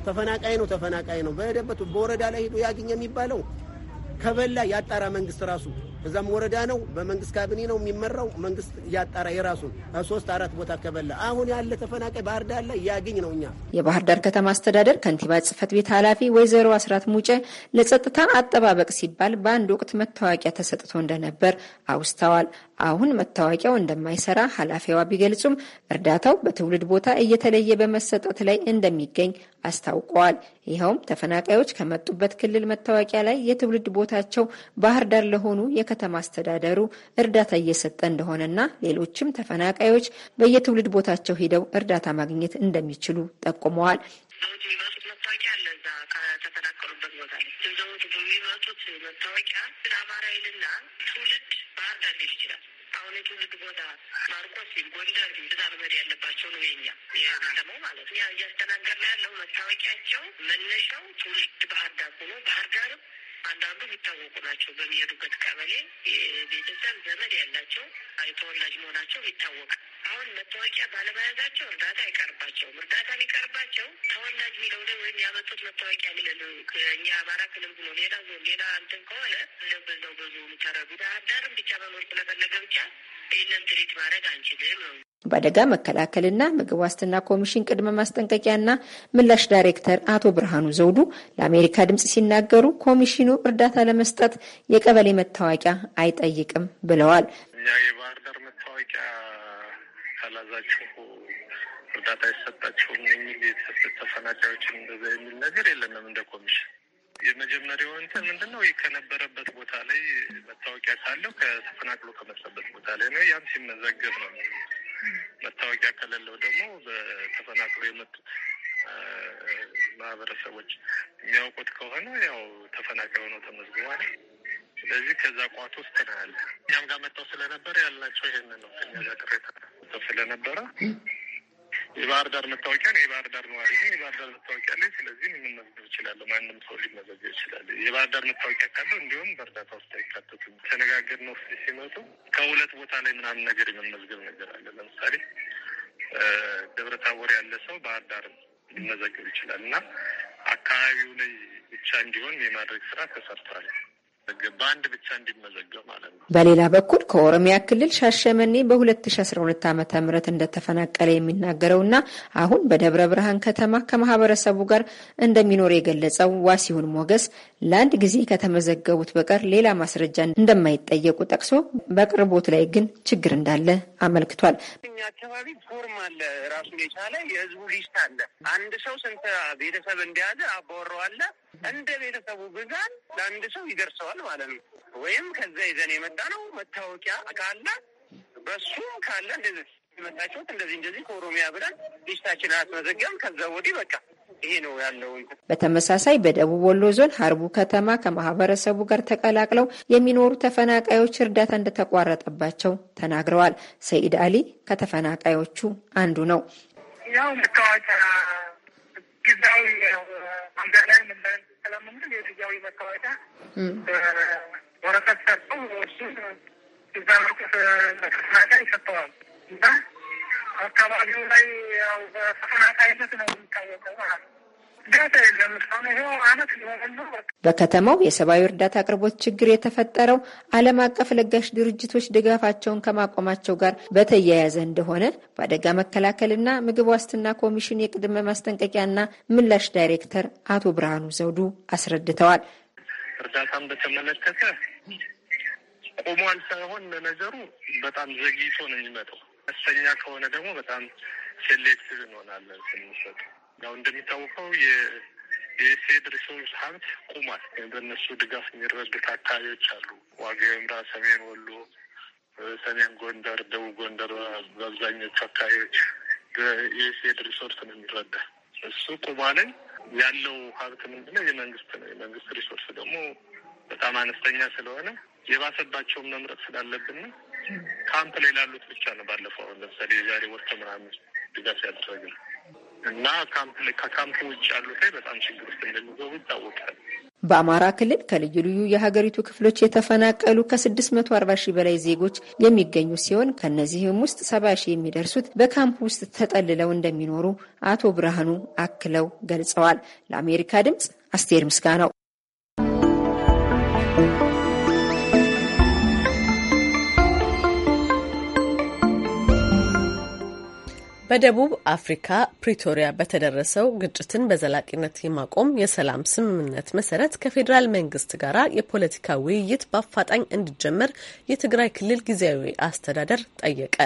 ተፈናቃይ ነው ተፈናቃይ ነው በደበቱ በወረዳ ላይ ሄዶ ያግኝ የሚባለው ከበላ ያጣራ መንግስት ራሱ እዛም ወረዳ ነው በመንግስት ካቢኔ ነው የሚመራው። መንግስት እያጣራ የራሱን ሶስት አራት ቦታ ከበላ አሁን ያለ ተፈናቃይ ባህር ዳር ላይ ያገኝ ነው። እኛ የባህር ዳር ከተማ አስተዳደር ከንቲባ ጽህፈት ቤት ኃላፊ ወይዘሮ አስራት ሙጨ ለጸጥታ አጠባበቅ ሲባል በአንድ ወቅት መታወቂያ ተሰጥቶ እንደነበር አውስተዋል። አሁን መታወቂያው እንደማይሰራ ኃላፊዋ ቢገልጹም እርዳታው በትውልድ ቦታ እየተለየ በመሰጠት ላይ እንደሚገኝ አስታውቀዋል። ይኸውም ተፈናቃዮች ከመጡበት ክልል መታወቂያ ላይ የትውልድ ቦታቸው ባህር ዳር ለሆኑ የከተማ አስተዳደሩ እርዳታ እየሰጠ እንደሆነና ሌሎችም ተፈናቃዮች በየትውልድ ቦታቸው ሂደው እርዳታ ማግኘት እንደሚችሉ ጠቁመዋል። ትውልድ ባህር ዳር ሊል ይችላል አሁን የትውልድ ቦታ ማርቆስ፣ ጎንደር ብዛ መድ ያለባቸው ነው የኛ የከተማው ማለት ነው እያስተናገር ያለው መታወቂያቸው መነሻው ትውልድ ባህር ዳር ሆኖ ባህር ዳርም አንዳንዱ የሚታወቁ ናቸው። በሚሄዱበት ቀበሌ ቤተሰብ ዘመድ ያላቸው ተወላጅ መሆናቸው ይታወቅ። አሁን መታወቂያ ባለመያዛቸው እርዳታ አይቀርባቸውም። እርዳታ ሊቀርባቸው ተወላጅ የሚለው ላይ ወይም ያመጡት መታወቂያ የሚለው እኛ አማራ ክልል ብሎ ሌላ ዞን ሌላ እንትን ከሆነ እንደበዛው በዞኑ ተረዱ አዳርም ብቻ መኖር ስለፈለገ ብቻ ይህንን ትሪት ማድረግ አንችልም ነው። በአደጋ መከላከልና ምግብ ዋስትና ኮሚሽን ቅድመ ማስጠንቀቂያና ምላሽ ዳይሬክተር አቶ ብርሃኑ ዘውዱ ለአሜሪካ ድምፅ ሲናገሩ ኮሚሽኑ እርዳታ ለመስጠት የቀበሌ መታወቂያ አይጠይቅም ብለዋል። እኛ የባህር ዳር መታወቂያ ካላዛችሁ እርዳታ አይሰጣችሁም የሚል ተፈናቃዮችን እንደዛ የሚል ነገር የለንም እንደ ኮሚሽን የመጀመሪያው እንትን ምንድነው ከነበረበት ቦታ ላይ መታወቂያ ካለው ከተፈናቅሎ ከመጣበት ቦታ ላይ ነው። ያም ሲመዘገብ ነው መታወቂያ ከሌለው ደግሞ በተፈናቅሎ የመጡት ማህበረሰቦች የሚያውቁት ከሆነ ያው ተፈናቃይ ሆነ ተመዝግቧል። ስለዚህ ከዛ ቋት ውስጥ ነው ያለ። እኛም ጋር መጥተው ስለነበረ ያልናቸው ይሄንን ነው። ከኛ ጋር ቅሬታ ስለነበረ የባህር ዳር መታወቂያ ነው። የባህር ዳር ነዋሪ ነው። የባህር ዳር መታወቂያ ነ ስለዚህ የምንመዝገብ ይችላለ። ማንም ሰው ሊመዘገብ ይችላል። የባህር ዳር መታወቂያ ካለው እንዲሁም በእርዳታ ውስጥ አይካተቱ ተነጋገር ነው ሲመጡ ከሁለት ቦታ ላይ ምናምን ነገር የመመዝገብ ነገር አለ። ለምሳሌ ደብረ ታቦር ያለ ሰው ባህር ዳር ሊመዘገብ ይችላል እና አካባቢው ላይ ብቻ እንዲሆን የማድረግ ስራ ተሰርቷል። እንዲመዘገብ በአንድ ብቻ እንዲመዘገብ ማለት ነው። በሌላ በኩል ከኦሮሚያ ክልል ሻሸመኔ በ2012 ዓ ም እንደተፈናቀለ እና አሁን በደብረ ብርሃን ከተማ ከማህበረሰቡ ጋር እንደሚኖር የገለጸው ዋሲሁን ሞገስ ለአንድ ጊዜ ከተመዘገቡት በቀር ሌላ ማስረጃ እንደማይጠየቁ ጠቅሶ በቅርቦት ላይ ግን ችግር እንዳለ አመልክቷል። እኛ አካባቢ ፎርም አለ፣ ራሱን የቻለ የህዝቡ ሊስት አለ። አንድ ሰው ስንት ቤተሰብ እንደያዘ አባወራው አለ እንደ ቤተሰቡ ብዛት ለአንድ ሰው ይደርሰዋል ማለት ነው። ወይም ከዛ ይዘን የመጣ ነው መታወቂያ ካለ በሱ ካለ እንደዚህ የመጣችሁት እንደዚህ እንደዚህ ከኦሮሚያ ብለን ሊስታችን አስመዘገብን። ከዛ ወዲህ በቃ ይሄ ነው ያለው። በተመሳሳይ በደቡብ ወሎ ዞን ሀርቡ ከተማ ከማህበረሰቡ ጋር ተቀላቅለው የሚኖሩ ተፈናቃዮች እርዳታ እንደተቋረጠባቸው ተናግረዋል። ሰይድ አሊ ከተፈናቃዮቹ አንዱ ነው። ያው መታወቂያ ግዛዊ መንገድ ላይ ምንዳይ ስለምንል የጊዜያዊ መታወቂያ ወረቀት ሰጡ። እሱን እዛ መቅፍ ለተፈናቃይ ይሰጠዋል እና አካባቢው ላይ ያው በተፈናቃይነት ነው የሚታወቀው ማለት ነው። በከተማው የሰብአዊ እርዳታ አቅርቦት ችግር የተፈጠረው ዓለም አቀፍ ለጋሽ ድርጅቶች ድጋፋቸውን ከማቆማቸው ጋር በተያያዘ እንደሆነ በአደጋ መከላከልና ምግብ ዋስትና ኮሚሽን የቅድመ ማስጠንቀቂያና ምላሽ ዳይሬክተር አቶ ብርሃኑ ዘውዱ አስረድተዋል። እርዳታን በተመለከተ ቆሟል ሳይሆን ነገሩ በጣም ዘግይቶ ነው የሚመጣው። መስተኛ ከሆነ ደግሞ በጣም ሴሌክቲቭ እንሆናለን ስንሰጥ ያው እንደሚታወቀው የኤሴድ ሪሶርስ ሀብት ቁሟል። በእነሱ ድጋፍ የሚረዱት አካባቢዎች አሉ። ዋግ ኽምራ፣ ሰሜን ወሎ፣ ሰሜን ጎንደር፣ ደቡብ ጎንደር በአብዛኞቹ አካባቢዎች በኤሴድ ሪሶርስ ነው የሚረዳ። እሱ ቁሟልን ያለው ሀብት ምንድነው? የመንግስት ነው። የመንግስት ሪሶርስ ደግሞ በጣም አነስተኛ ስለሆነ የባሰባቸውን መምረጥ ስላለብን ካምፕ ላይ ላሉት ብቻ ነው። ባለፈው አሁን ለምሳሌ የዛሬ ወር ከምናምን ድጋፍ ያደረግነው እና ከካምፕ ውጭ ያሉት ላይ በጣም ችግር ውስጥ እንደሚገቡ ይታወቃል። በአማራ ክልል ከልዩ ልዩ የሀገሪቱ ክፍሎች የተፈናቀሉ ከ640 ሺህ በላይ ዜጎች የሚገኙ ሲሆን ከእነዚህም ውስጥ 70 ሺህ የሚደርሱት በካምፕ ውስጥ ተጠልለው እንደሚኖሩ አቶ ብርሃኑ አክለው ገልጸዋል። ለአሜሪካ ድምፅ አስቴር ምስጋ ነው። በደቡብ አፍሪካ ፕሪቶሪያ በተደረሰው ግጭትን በዘላቂነት የማቆም የሰላም ስምምነት መሰረት ከፌዴራል መንግስት ጋር የፖለቲካ ውይይት በአፋጣኝ እንዲጀመር የትግራይ ክልል ጊዜያዊ አስተዳደር ጠየቀ።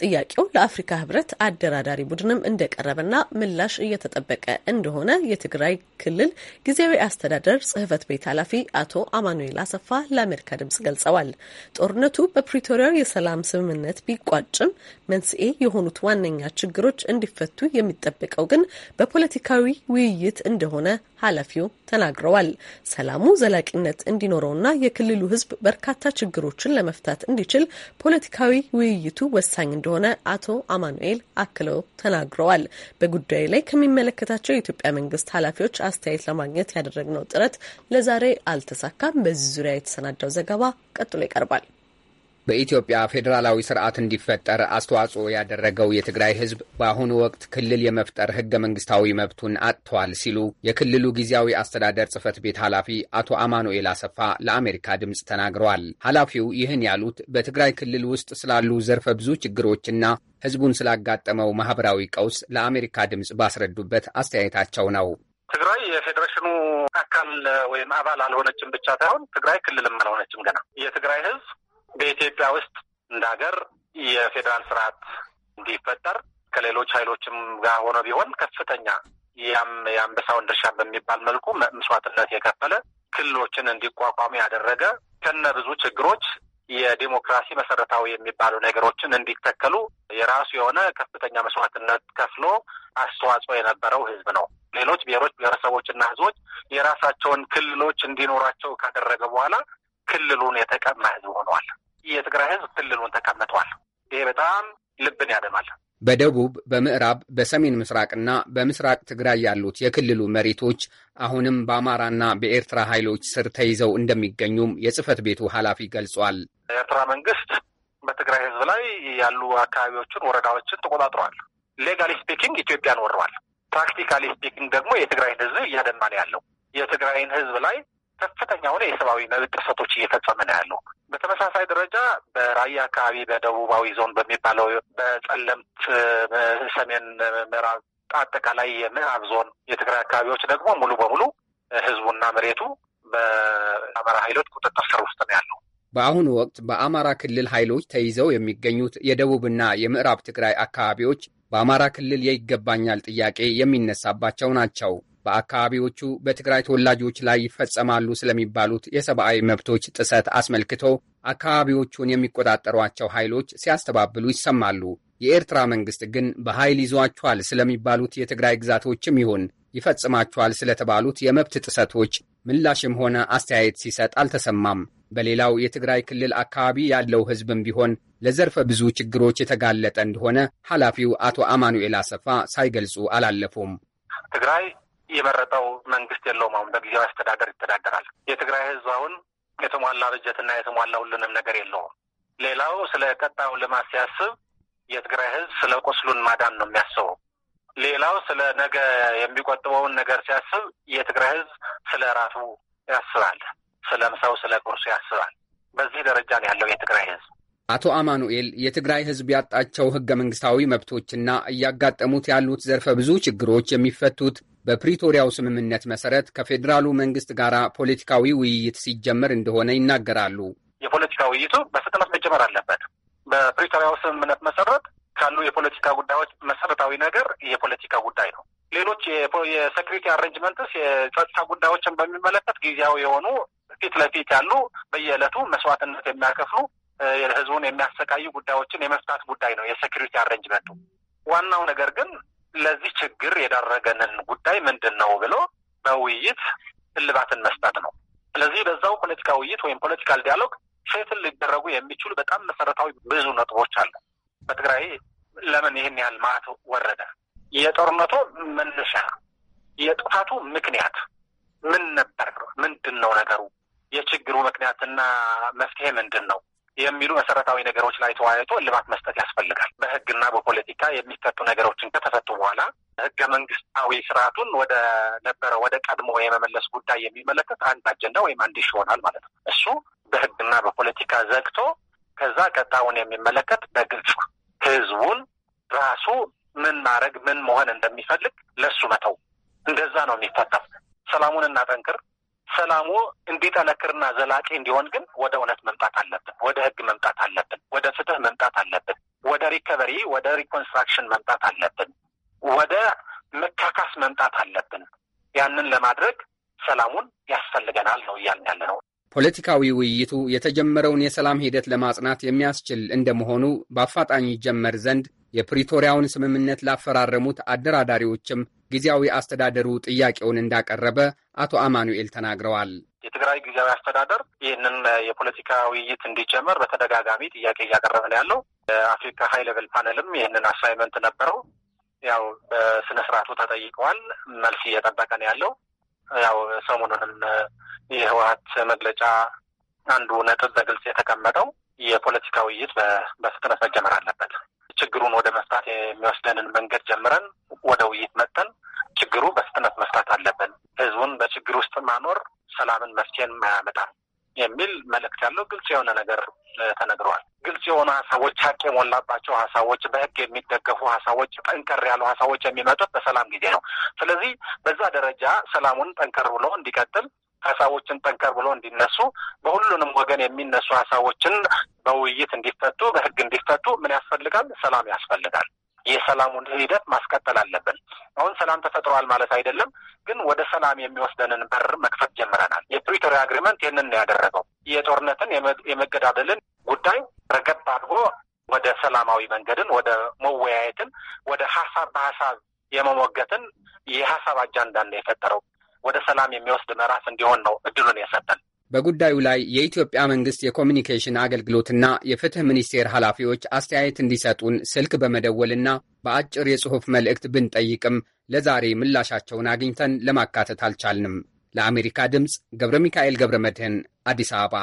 ጥያቄው ለአፍሪካ ህብረት አደራዳሪ ቡድንም እንደቀረበና ምላሽ እየተጠበቀ እንደሆነ የትግራይ ክልል ጊዜያዊ አስተዳደር ጽህፈት ቤት ኃላፊ አቶ አማኑኤል አሰፋ ለአሜሪካ ድምጽ ገልጸዋል። ጦርነቱ በፕሪቶሪያው የሰላም ስምምነት ቢቋጭም መንስኤ የሆኑት ዋነኛቸው ችግሮች እንዲፈቱ የሚጠበቀው ግን በፖለቲካዊ ውይይት እንደሆነ ኃላፊው ተናግረዋል። ሰላሙ ዘላቂነት እንዲኖረውና የክልሉ ሕዝብ በርካታ ችግሮችን ለመፍታት እንዲችል ፖለቲካዊ ውይይቱ ወሳኝ እንደሆነ አቶ አማኑኤል አክለው ተናግረዋል። በጉዳዩ ላይ ከሚመለከታቸው የኢትዮጵያ መንግስት ኃላፊዎች አስተያየት ለማግኘት ያደረግነው ጥረት ለዛሬ አልተሳካም። በዚህ ዙሪያ የተሰናዳው ዘገባ ቀጥሎ ይቀርባል። በኢትዮጵያ ፌዴራላዊ ስርዓት እንዲፈጠር አስተዋጽኦ ያደረገው የትግራይ ሕዝብ በአሁኑ ወቅት ክልል የመፍጠር ህገ መንግስታዊ መብቱን አጥቷል ሲሉ የክልሉ ጊዜያዊ አስተዳደር ጽህፈት ቤት ኃላፊ አቶ አማኑኤል አሰፋ ለአሜሪካ ድምፅ ተናግረዋል። ኃላፊው ይህን ያሉት በትግራይ ክልል ውስጥ ስላሉ ዘርፈ ብዙ ችግሮችና ህዝቡን ስላጋጠመው ማህበራዊ ቀውስ ለአሜሪካ ድምፅ ባስረዱበት አስተያየታቸው ነው። ትግራይ የፌዴሬሽኑ አካል ወይም አባል አልሆነችም ብቻ ሳይሆን ትግራይ ክልልም አልሆነችም። ገና የትግራይ ህዝብ በኢትዮጵያ ውስጥ እንደ ሀገር የፌዴራል ስርዓት እንዲፈጠር ከሌሎች ኃይሎችም ጋር ሆኖ ቢሆን ከፍተኛ ያም የአንበሳውን ድርሻ በሚባል መልኩ መስዋዕትነት የከፈለ ክልሎችን እንዲቋቋሙ ያደረገ ከነ ብዙ ችግሮች የዲሞክራሲ መሰረታዊ የሚባሉ ነገሮችን እንዲተከሉ የራሱ የሆነ ከፍተኛ መስዋዕትነት ከፍሎ አስተዋጽኦ የነበረው ህዝብ ነው። ሌሎች ብሔሮች፣ ብሔረሰቦችና ህዝቦች የራሳቸውን ክልሎች እንዲኖራቸው ካደረገ በኋላ ክልሉን የተቀማ ህዝብ ሆነዋል። የትግራይ ህዝብ ክልሉን ተቀምተዋል። ይሄ በጣም ልብን ያደማል። በደቡብ በምዕራብ በሰሜን ምስራቅና በምስራቅ ትግራይ ያሉት የክልሉ መሬቶች አሁንም በአማራና በኤርትራ ኃይሎች ስር ተይዘው እንደሚገኙም የጽህፈት ቤቱ ኃላፊ ገልጿል። የኤርትራ መንግስት በትግራይ ህዝብ ላይ ያሉ አካባቢዎችን፣ ወረዳዎችን ተቆጣጥሯል። ሌጋሊ ስፒኪንግ ኢትዮጵያን ወረዋል። ፕራክቲካሊ ስፒኪንግ ደግሞ የትግራይን ህዝብ እያደማ ነው ያለው። የትግራይን ህዝብ ላይ ከፍተኛ ሆነ የሰብአዊ መብት ጥሰቶች እየፈጸመ ነው ያለው። በተመሳሳይ ደረጃ በራያ አካባቢ በደቡባዊ ዞን በሚባለው በጸለምት ሰሜን ምዕራብ አጠቃላይ የምዕራብ ዞን የትግራይ አካባቢዎች ደግሞ ሙሉ በሙሉ ህዝቡና መሬቱ በአማራ ኃይሎች ቁጥጥር ስር ውስጥ ነው ያለው። በአሁኑ ወቅት በአማራ ክልል ኃይሎች ተይዘው የሚገኙት የደቡብና የምዕራብ ትግራይ አካባቢዎች በአማራ ክልል የይገባኛል ጥያቄ የሚነሳባቸው ናቸው። በአካባቢዎቹ በትግራይ ተወላጆች ላይ ይፈጸማሉ ስለሚባሉት የሰብአዊ መብቶች ጥሰት አስመልክቶ አካባቢዎቹን የሚቆጣጠሯቸው ኃይሎች ሲያስተባብሉ ይሰማሉ። የኤርትራ መንግስት ግን በኃይል ይዟቸዋል ስለሚባሉት የትግራይ ግዛቶችም ይሁን ይፈጽማቸዋል ስለተባሉት የመብት ጥሰቶች ምላሽም ሆነ አስተያየት ሲሰጥ አልተሰማም። በሌላው የትግራይ ክልል አካባቢ ያለው ህዝብም ቢሆን ለዘርፈ ብዙ ችግሮች የተጋለጠ እንደሆነ ኃላፊው አቶ አማኑኤል አሰፋ ሳይገልጹ አላለፉም። ትግራይ የመረጠው መንግስት የለውም። አሁን በጊዜያዊ አስተዳደር ይተዳደራል። የትግራይ ህዝብ አሁን የተሟላ በጀትና የተሟላ ሁሉንም ነገር የለውም። ሌላው ስለ ቀጣዩ ልማት ሲያስብ የትግራይ ህዝብ ስለ ቁስሉን ማዳን ነው የሚያስበው። ሌላው ስለ ነገ የሚቆጥበውን ነገር ሲያስብ የትግራይ ህዝብ ስለ ራሱ ያስባል፣ ስለ ምሳው፣ ስለ ቁርሱ ያስባል። በዚህ ደረጃ ነው ያለው የትግራይ ህዝብ። አቶ አማኑኤል የትግራይ ሕዝብ ያጣቸው ሕገ መንግሥታዊ መብቶችና እያጋጠሙት ያሉት ዘርፈ ብዙ ችግሮች የሚፈቱት በፕሪቶሪያው ስምምነት መሰረት ከፌዴራሉ መንግስት ጋር ፖለቲካዊ ውይይት ሲጀመር እንደሆነ ይናገራሉ። የፖለቲካ ውይይቱ በፍጥነት መጀመር አለበት። በፕሪቶሪያው ስምምነት መሰረት ካሉ የፖለቲካ ጉዳዮች መሰረታዊ ነገር የፖለቲካ ጉዳይ ነው። ሌሎች የሴኩሪቲ አሬንጅመንትስ የጸጥታ ጉዳዮችን በሚመለከት ጊዜያዊ የሆኑ ፊት ለፊት ያሉ በየዕለቱ መስዋዕትነት የሚያከፍሉ ህዝቡን የሚያሰቃዩ ጉዳዮችን የመፍታት ጉዳይ ነው የሴኪሪቲ አረንጅመንቱ ዋናው ነገር ግን ለዚህ ችግር የዳረገንን ጉዳይ ምንድን ነው ብሎ በውይይት እልባትን መስጠት ነው። ስለዚህ በዛው ፖለቲካ ውይይት ወይም ፖለቲካል ዲያሎግ ሴትን ሊደረጉ የሚችሉ በጣም መሰረታዊ ብዙ ነጥቦች አለ በትግራይ ለምን ይህን ያህል ማት ወረደ? የጦርነቱ መነሻ የጥፋቱ ምክንያት ምን ነበር? ምንድን ነው ነገሩ? የችግሩ ምክንያትና መፍትሄ ምንድን ነው? የሚሉ መሰረታዊ ነገሮች ላይ ተወያይቶ እልባት መስጠት ያስፈልጋል። በህግና በፖለቲካ የሚፈቱ ነገሮችን ከተፈቱ በኋላ ህገ መንግስታዊ ስርዓቱን ወደ ነበረ ወደ ቀድሞ የመመለስ ጉዳይ የሚመለከት አንድ አጀንዳ ወይም አንድ ይሆናል ማለት ነው። እሱ በህግና በፖለቲካ ዘግቶ ከዛ ቀጣውን የሚመለከት በግልጽ ህዝቡን ራሱ ምን ማድረግ ምን መሆን እንደሚፈልግ ለሱ መተው፣ እንደዛ ነው የሚፈታው። ሰላሙን እናጠንክር፣ ሰላሙ እንዲጠነክርና ዘላቂ እንዲሆን ግን ወደ እውነት መምጣት አለብን። ወደ ህግ መምጣት አለብን። ወደ ፍትህ መምጣት አለብን። ወደ ሪከቨሪ፣ ወደ ሪኮንስትራክሽን መምጣት አለብን። ወደ መካካስ መምጣት አለብን። ያንን ለማድረግ ሰላሙን ያስፈልገናል ነው እያልን ያለ ነው። ፖለቲካዊ ውይይቱ የተጀመረውን የሰላም ሂደት ለማጽናት የሚያስችል እንደመሆኑ በአፋጣኝ ይጀመር ዘንድ የፕሪቶሪያውን ስምምነት ላፈራረሙት አደራዳሪዎችም ጊዜያዊ አስተዳደሩ ጥያቄውን እንዳቀረበ አቶ አማኑኤል ተናግረዋል። የትግራይ ጊዜያዊ አስተዳደር ይህንን የፖለቲካ ውይይት እንዲጀመር በተደጋጋሚ ጥያቄ እያቀረበ ነው ያለው። የአፍሪካ ሀይ ሌቨል ፓነልም ይህንን አሳይመንት ነበረው። ያው በስነ ስርዓቱ ተጠይቀዋል። መልስ እየጠበቀ ነው ያለው። ያው ሰሞኑንም የህወሀት መግለጫ አንዱ ነጥብ በግልጽ የተቀመጠው የፖለቲካ ውይይት በፍጥነት መጀመር አለበት ችግሩን ወደ መፍታት የሚወስደንን መንገድ ጀምረን ወደ ውይይት መጥተን ችግሩ በፍጥነት መፍታት አለብን፣ ህዝቡን በችግር ውስጥ ማኖር ሰላምን መፍትሄን ማያመጣ የሚል መልእክት ያለው ግልጽ የሆነ ነገር ተነግረዋል። ግልጽ የሆኑ ሀሳቦች፣ ሀቅ የሞላባቸው ሀሳቦች፣ በህግ የሚደገፉ ሀሳቦች፣ ጠንከር ያሉ ሀሳቦች የሚመጡት በሰላም ጊዜ ነው። ስለዚህ በዛ ደረጃ ሰላሙን ጠንከር ብሎ እንዲቀጥል ሀሳቦችን ጠንከር ብሎ እንዲነሱ በሁሉንም ወገን የሚነሱ ሀሳቦችን በውይይት እንዲፈቱ በህግ እንዲፈቱ ምን ያስፈልጋል? ሰላም ያስፈልጋል። የሰላሙን ሂደት ማስቀጠል አለብን። አሁን ሰላም ተፈጥሯል ማለት አይደለም፣ ግን ወደ ሰላም የሚወስደንን በር መክፈት ጀምረናል። የፕሪቶሪያ አግሪመንት ይህንን ነው ያደረገው። የጦርነትን የመገዳደልን ጉዳይ ረገብ አድርጎ ወደ ሰላማዊ መንገድን፣ ወደ መወያየትን፣ ወደ ሀሳብ በሀሳብ የመሞገትን የሀሳብ አጃንዳን ነው የፈጠረው። ወደ ሰላም የሚወስድ ምዕራፍ እንዲሆን ነው እድሉን የሰጠን። በጉዳዩ ላይ የኢትዮጵያ መንግስት የኮሚኒኬሽን አገልግሎትና የፍትህ ሚኒስቴር ኃላፊዎች አስተያየት እንዲሰጡን ስልክ በመደወልና በአጭር የጽሑፍ መልእክት ብንጠይቅም ለዛሬ ምላሻቸውን አግኝተን ለማካተት አልቻልንም። ለአሜሪካ ድምፅ ገብረ ሚካኤል ገብረ መድህን አዲስ አበባ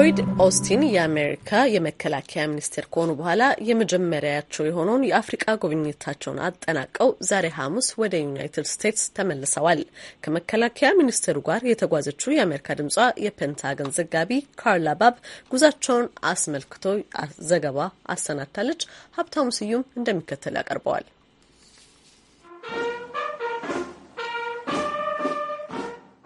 ሎይድ ኦስቲን የአሜሪካ የመከላከያ ሚኒስቴር ከሆኑ በኋላ የመጀመሪያቸው የሆነውን የአፍሪቃ ጉብኝታቸውን አጠናቀው ዛሬ ሐሙስ ወደ ዩናይትድ ስቴትስ ተመልሰዋል። ከመከላከያ ሚኒስቴሩ ጋር የተጓዘችው የአሜሪካ ድምጿ የፔንታገን ዘጋቢ ካርላ ባብ ጉዛቸውን አስመልክቶ ዘገባ አሰናድታለች። ሀብታሙ ስዩም እንደሚከተል ያቀርበዋል።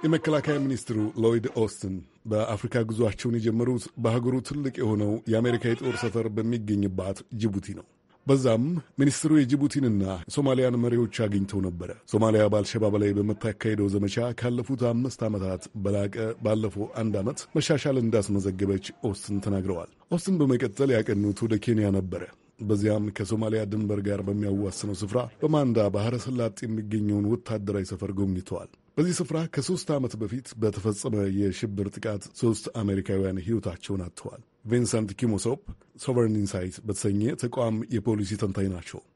የመከላከያ ሚኒስትሩ ሎይድ ኦስትን በአፍሪካ ጉዟቸውን የጀመሩት በሀገሩ ትልቅ የሆነው የአሜሪካ የጦር ሰፈር በሚገኝባት ጅቡቲ ነው። በዛም ሚኒስትሩ የጅቡቲንና የሶማሊያን መሪዎች አግኝተው ነበረ። ሶማሊያ በአልሸባብ ላይ በምታካሄደው ዘመቻ ካለፉት አምስት ዓመታት በላቀ ባለፈው አንድ ዓመት መሻሻል እንዳስመዘገበች ኦስትን ተናግረዋል። ኦስትን በመቀጠል ያቀኑት ወደ ኬንያ ነበረ። በዚያም ከሶማሊያ ድንበር ጋር በሚያዋስነው ስፍራ በማንዳ ባህረ ሰላጤ የሚገኘውን ወታደራዊ ሰፈር ጎብኝተዋል። በዚህ ስፍራ ከሶስት ዓመት በፊት በተፈጸመ የሽብር ጥቃት ሶስት አሜሪካውያን ሕይወታቸውን አጥተዋል። ቪንሰንት ኪሞሶፕ ሶቨርን ኢንሳይት በተሰኘ ተቋም የፖሊሲ ተንታኝ ናቸው። uh,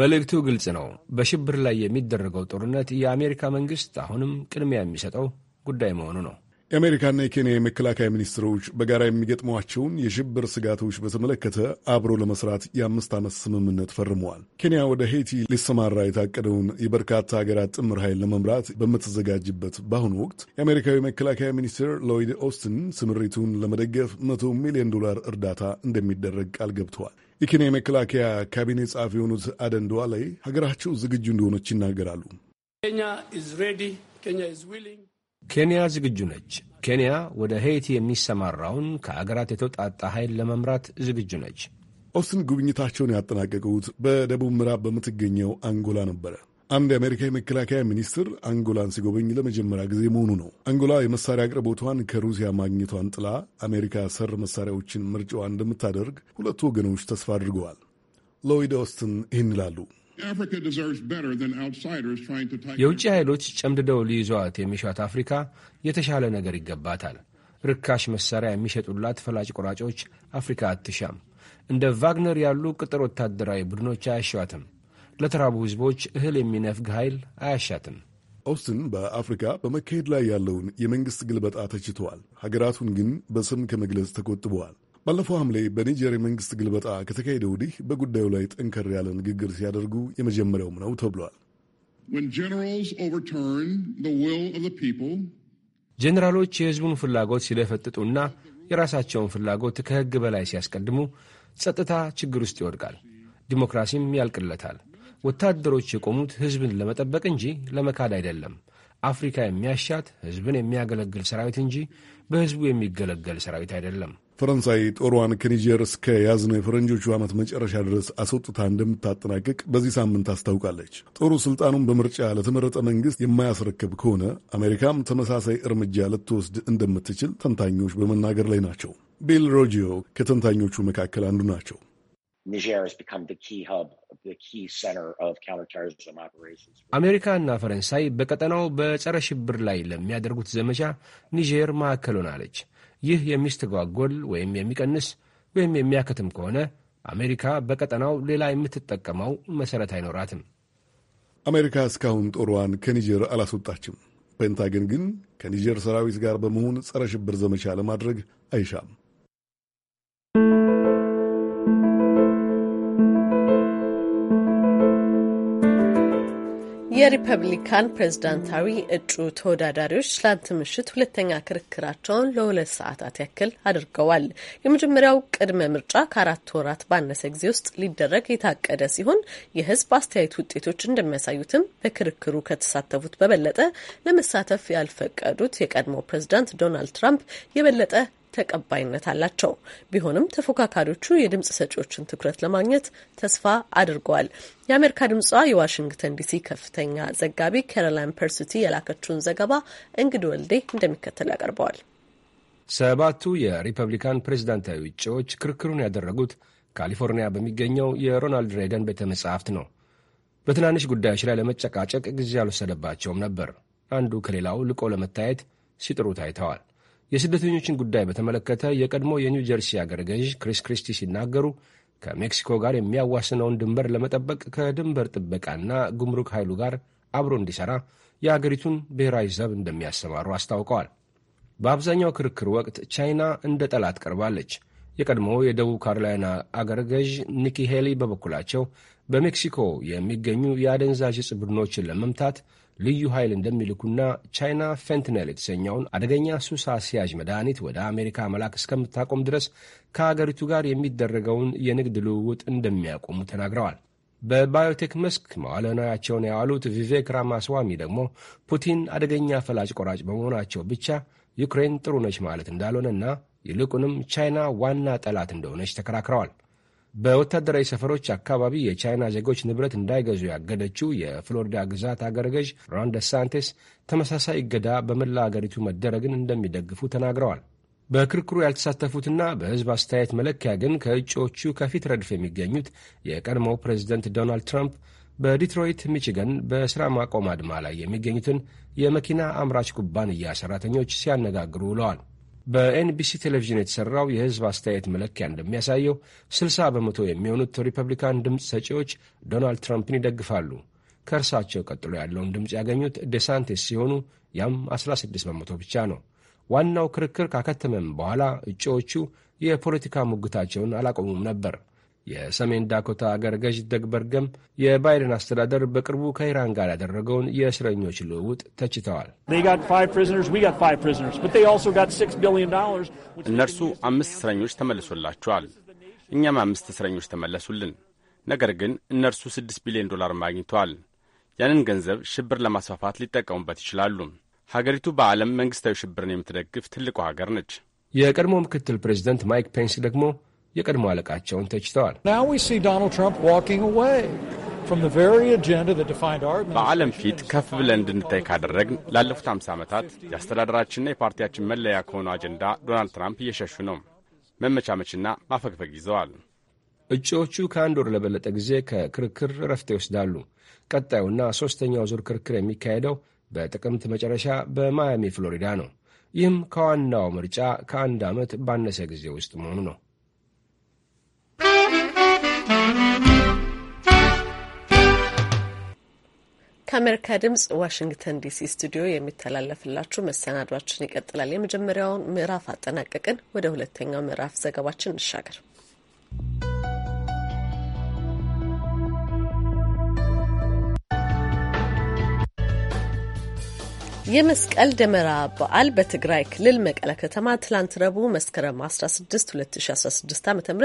መልእክቱ ግልጽ ነው። በሽብር ላይ የሚደረገው ጦርነት የአሜሪካ መንግሥት አሁንም ቅድሚያ የሚሰጠው ጉዳይ መሆኑ ነው። የአሜሪካና የኬንያ የመከላከያ ሚኒስትሮች በጋራ የሚገጥሟቸውን የሽብር ስጋቶች በተመለከተ አብሮ ለመስራት የአምስት ዓመት ስምምነት ፈርመዋል። ኬንያ ወደ ሄይቲ ሊሰማራ የታቀደውን የበርካታ ሀገራት ጥምር ኃይል ለመምራት በምትዘጋጅበት በአሁኑ ወቅት የአሜሪካዊ መከላከያ ሚኒስትር ሎይድ ኦስትን ስምሪቱን ለመደገፍ መቶ ሚሊዮን ዶላር እርዳታ እንደሚደረግ ቃል ገብተዋል። የኬንያ የመከላከያ ካቢኔ ጸሐፊ የሆኑት አደን ላይ ሀገራቸው ዝግጁ እንደሆነች ይናገራሉ። ኬንያ ኢዝ ሬዲ ኬንያ ኢዝ ዊሊንግ ኬንያ ዝግጁ ነች። ኬንያ ወደ ሄይቲ የሚሰማራውን ከአገራት የተውጣጣ ኃይል ለመምራት ዝግጁ ነች። ኦስትን ጉብኝታቸውን ያጠናቀቁት በደቡብ ምዕራብ በምትገኘው አንጎላ ነበረ። አንድ የአሜሪካ የመከላከያ ሚኒስትር አንጎላን ሲጎበኝ ለመጀመሪያ ጊዜ መሆኑ ነው። አንጎላ የመሳሪያ አቅርቦቷን ከሩሲያ ማግኘቷን ጥላ አሜሪካ ሰር መሳሪያዎችን ምርጫዋ እንደምታደርግ ሁለቱ ወገኖች ተስፋ አድርገዋል። ሎይድ ኦስትን ይህን ይላሉ። የውጭ ኃይሎች ጨምድደው ሊይዟት የሚሿት አፍሪካ የተሻለ ነገር ይገባታል። ርካሽ መሳሪያ የሚሸጡላት ፈላጭ ቆራጮች አፍሪካ አትሻም። እንደ ቫግነር ያሉ ቅጥር ወታደራዊ ቡድኖች አያሻትም። ለተራቡ ሕዝቦች እህል የሚነፍግ ኃይል አያሻትም። ኦስትን በአፍሪካ በመካሄድ ላይ ያለውን የመንግሥት ግልበጣ ተችተዋል። ሀገራቱን ግን በስም ከመግለጽ ተቆጥበዋል። ባለፈው ሐምሌ በኒጀር መንግስት ግልበጣ ከተካሄደ ወዲህ በጉዳዩ ላይ ጠንከር ያለ ንግግር ሲያደርጉ የመጀመሪያውም ነው ተብሏል። ጀኔራሎች የሕዝቡን ፍላጎት ሲለፈጥጡና የራሳቸውን ፍላጎት ከሕግ በላይ ሲያስቀድሙ ጸጥታ ችግር ውስጥ ይወድቃል፣ ዲሞክራሲም ያልቅለታል። ወታደሮች የቆሙት ሕዝብን ለመጠበቅ እንጂ ለመካድ አይደለም። አፍሪካ የሚያሻት ሕዝብን የሚያገለግል ሰራዊት እንጂ በሕዝቡ የሚገለገል ሰራዊት አይደለም። ፈረንሳይ ጦሯን ከኒጀር እስከ ያዝነው የፈረንጆቹ ዓመት መጨረሻ ድረስ አስወጥታ እንደምታጠናቅቅ በዚህ ሳምንት አስታውቃለች። ጦሩ ስልጣኑን በምርጫ ለተመረጠ መንግስት የማያስረክብ ከሆነ አሜሪካም ተመሳሳይ እርምጃ ልትወስድ እንደምትችል ተንታኞች በመናገር ላይ ናቸው። ቢል ሮጂዮ ከተንታኞቹ መካከል አንዱ ናቸው። አሜሪካና ፈረንሳይ በቀጠናው በጸረ ሽብር ላይ ለሚያደርጉት ዘመቻ ኒጀር ማዕከል ሆናለች። ይህ የሚስተጓጎል ወይም የሚቀንስ ወይም የሚያከትም ከሆነ አሜሪካ በቀጠናው ሌላ የምትጠቀመው መሠረት አይኖራትም። አሜሪካ እስካሁን ጦሯን ከኒጀር አላስወጣችም። ፔንታገን ግን ከኒጀር ሰራዊት ጋር በመሆን ጸረ ሽብር ዘመቻ ለማድረግ አይሻም። የሪፐብሊካን ፕሬዝዳንታዊ እጩ ተወዳዳሪዎች ትላንት ምሽት ሁለተኛ ክርክራቸውን ለሁለት ሰዓታት ያክል አድርገዋል። የመጀመሪያው ቅድመ ምርጫ ከአራት ወራት ባነሰ ጊዜ ውስጥ ሊደረግ የታቀደ ሲሆን የህዝብ አስተያየት ውጤቶች እንደሚያሳዩትም በክርክሩ ከተሳተፉት በበለጠ ለመሳተፍ ያልፈቀዱት የቀድሞ ፕሬዝዳንት ዶናልድ ትራምፕ የበለጠ ተቀባይነት አላቸው። ቢሆንም ተፎካካሪዎቹ የድምፅ ሰጪዎችን ትኩረት ለማግኘት ተስፋ አድርገዋል። የአሜሪካ ድምጿ የዋሽንግተን ዲሲ ከፍተኛ ዘጋቢ ካሮላይን ፐርሲቲ የላከችውን ዘገባ እንግድ ወልዴ እንደሚከተል ያቀርበዋል። ሰባቱ የሪፐብሊካን ፕሬዚዳንታዊ እጩዎች ክርክሩን ያደረጉት ካሊፎርኒያ በሚገኘው የሮናልድ ሬገን ቤተ መጻሕፍት ነው። በትናንሽ ጉዳዮች ላይ ለመጨቃጨቅ ጊዜ አልወሰደባቸውም ነበር። አንዱ ከሌላው ልቆ ለመታየት ሲጥሩ ታይተዋል። የስደተኞችን ጉዳይ በተመለከተ የቀድሞ የኒው ጀርሲ አገረ ገዥ ክሪስ ክሪስቲ ሲናገሩ ከሜክሲኮ ጋር የሚያዋስነውን ድንበር ለመጠበቅ ከድንበር ጥበቃና ጉምሩክ ኃይሉ ጋር አብሮ እንዲሠራ የአገሪቱን ብሔራዊ ዘብ እንደሚያሰማሩ አስታውቀዋል። በአብዛኛው ክርክር ወቅት ቻይና እንደ ጠላት ቀርባለች። የቀድሞ የደቡብ ካሮላይና አገረ ገዥ ኒኪ ሄሊ በበኩላቸው በሜክሲኮ የሚገኙ የአደንዛዥ ዕፅ ቡድኖችን ለመምታት ልዩ ኃይል እንደሚልኩና ቻይና ፌንትነል የተሰኘውን አደገኛ ሱስ አስያዥ መድኃኒት ወደ አሜሪካ መላክ እስከምታቆም ድረስ ከአገሪቱ ጋር የሚደረገውን የንግድ ልውውጥ እንደሚያቆሙ ተናግረዋል። በባዮቴክ መስክ መዋለ ንዋያቸውን ያዋሉት ቪቬክ ራማስዋሚ ደግሞ ፑቲን አደገኛ ፈላጭ ቆራጭ በመሆናቸው ብቻ ዩክሬን ጥሩ ነች ማለት እንዳልሆነና ይልቁንም ቻይና ዋና ጠላት እንደሆነች ተከራክረዋል። በወታደራዊ ሰፈሮች አካባቢ የቻይና ዜጎች ንብረት እንዳይገዙ ያገደችው የፍሎሪዳ ግዛት አገረ ገዥ ሮን ደሳንቴስ ተመሳሳይ እገዳ በመላ አገሪቱ መደረግን እንደሚደግፉ ተናግረዋል። በክርክሩ ያልተሳተፉትና በሕዝብ አስተያየት መለኪያ ግን ከእጩዎቹ ከፊት ረድፍ የሚገኙት የቀድሞው ፕሬዚደንት ዶናልድ ትራምፕ በዲትሮይት ሚችገን በሥራ ማቆም አድማ ላይ የሚገኙትን የመኪና አምራች ኩባንያ ሠራተኞች ሲያነጋግሩ ውለዋል። በኤንቢሲ ቴሌቪዥን የተሠራው የሕዝብ አስተያየት መለኪያ እንደሚያሳየው 60 በመቶ የሚሆኑት ሪፐብሊካን ድምፅ ሰጪዎች ዶናልድ ትራምፕን ይደግፋሉ። ከእርሳቸው ቀጥሎ ያለውን ድምፅ ያገኙት ዴሳንቴስ ሲሆኑ ያም 16 በመቶ ብቻ ነው። ዋናው ክርክር ካከተመም በኋላ እጩዎቹ የፖለቲካ ሙግታቸውን አላቆሙም ነበር። የሰሜን ዳኮታ ገርገዥ ገዥ ደግ በርገም የባይደን አስተዳደር በቅርቡ ከኢራን ጋር ያደረገውን የእስረኞች ልውውጥ ተችተዋል። እነርሱ አምስት እስረኞች ተመልሶላቸዋል፣ እኛም አምስት እስረኞች ተመለሱልን። ነገር ግን እነርሱ ስድስት ቢሊዮን ዶላር ማግኝተዋል። ያንን ገንዘብ ሽብር ለማስፋፋት ሊጠቀሙበት ይችላሉ። ሀገሪቱ በዓለም መንግሥታዊ ሽብርን የምትደግፍ ትልቁ ሀገር ነች። የቀድሞ ምክትል ፕሬዚደንት ማይክ ፔንስ ደግሞ የቀድሞ አለቃቸውን ተችተዋል። በዓለም ፊት ከፍ ብለን እንድንታይ ካደረግን ላለፉት ሃምሳ ዓመታት የአስተዳደራችንና የፓርቲያችን መለያ ከሆነው አጀንዳ ዶናልድ ትራምፕ እየሸሹ ነው። መመቻመችና ማፈግፈግ ይዘዋል። እጩዎቹ ከአንድ ወር ለበለጠ ጊዜ ከክርክር እረፍት ይወስዳሉ። ቀጣዩና ሦስተኛው ዙር ክርክር የሚካሄደው በጥቅምት መጨረሻ በማያሚ ፍሎሪዳ ነው። ይህም ከዋናው ምርጫ ከአንድ ዓመት ባነሰ ጊዜ ውስጥ መሆኑ ነው። ከአሜሪካ ድምጽ ዋሽንግተን ዲሲ ስቱዲዮ የሚተላለፍላችሁ መሰናዷችን ይቀጥላል። የመጀመሪያውን ምዕራፍ አጠናቀቅን። ወደ ሁለተኛው ምዕራፍ ዘገባችን እንሻገር። የመስቀል ደመራ በዓል በትግራይ ክልል መቀለ ከተማ ትላንት ረቡዕ መስከረም 16 2016 ዓ ም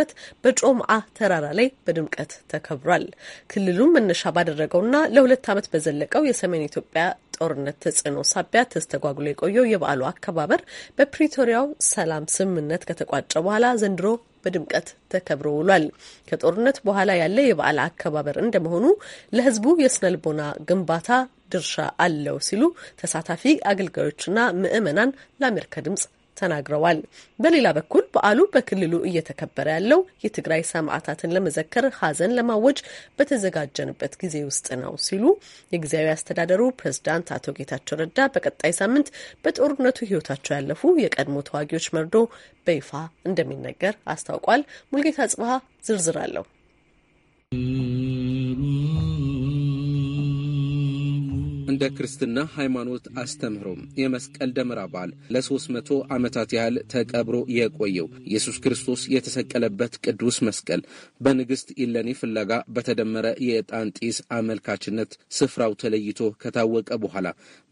በጮምአ ተራራ ላይ በድምቀት ተከብሯል። ክልሉም መነሻ ባደረገውና ለሁለት ዓመት በዘለቀው የሰሜን ኢትዮጵያ ጦርነት ተጽዕኖ ሳቢያ ተስተጓጉሎ የቆየው የበዓሉ አከባበር በፕሪቶሪያው ሰላም ስምምነት ከተቋጨ በኋላ ዘንድሮ በድምቀት ተከብሮ ውሏል። ከጦርነት በኋላ ያለ የበዓል አከባበር እንደመሆኑ ለሕዝቡ የስነልቦና ግንባታ ድርሻ አለው ሲሉ ተሳታፊ አገልጋዮችና ምዕመናን ለአሜሪካ ድምጽ ተናግረዋል። በሌላ በኩል በዓሉ በክልሉ እየተከበረ ያለው የትግራይ ሰማዕታትን ለመዘከር ሀዘን ለማወጅ በተዘጋጀንበት ጊዜ ውስጥ ነው ሲሉ የጊዜያዊ አስተዳደሩ ፕሬዝዳንት አቶ ጌታቸው ረዳ በቀጣይ ሳምንት በጦርነቱ ሕይወታቸው ያለፉ የቀድሞ ተዋጊዎች መርዶ በይፋ እንደሚነገር አስታውቋል። ሙልጌታ ጽብሃ ዝርዝር አለው። እንደ ክርስትና ሃይማኖት አስተምህሮ የመስቀል ደመራ በዓል ለሦስት መቶ ዓመታት ያህል ተቀብሮ የቆየው ኢየሱስ ክርስቶስ የተሰቀለበት ቅዱስ መስቀል በንግሥት ኢለኒ ፍለጋ በተደመረ የዕጣን ጢስ አመልካችነት ስፍራው ተለይቶ ከታወቀ በኋላ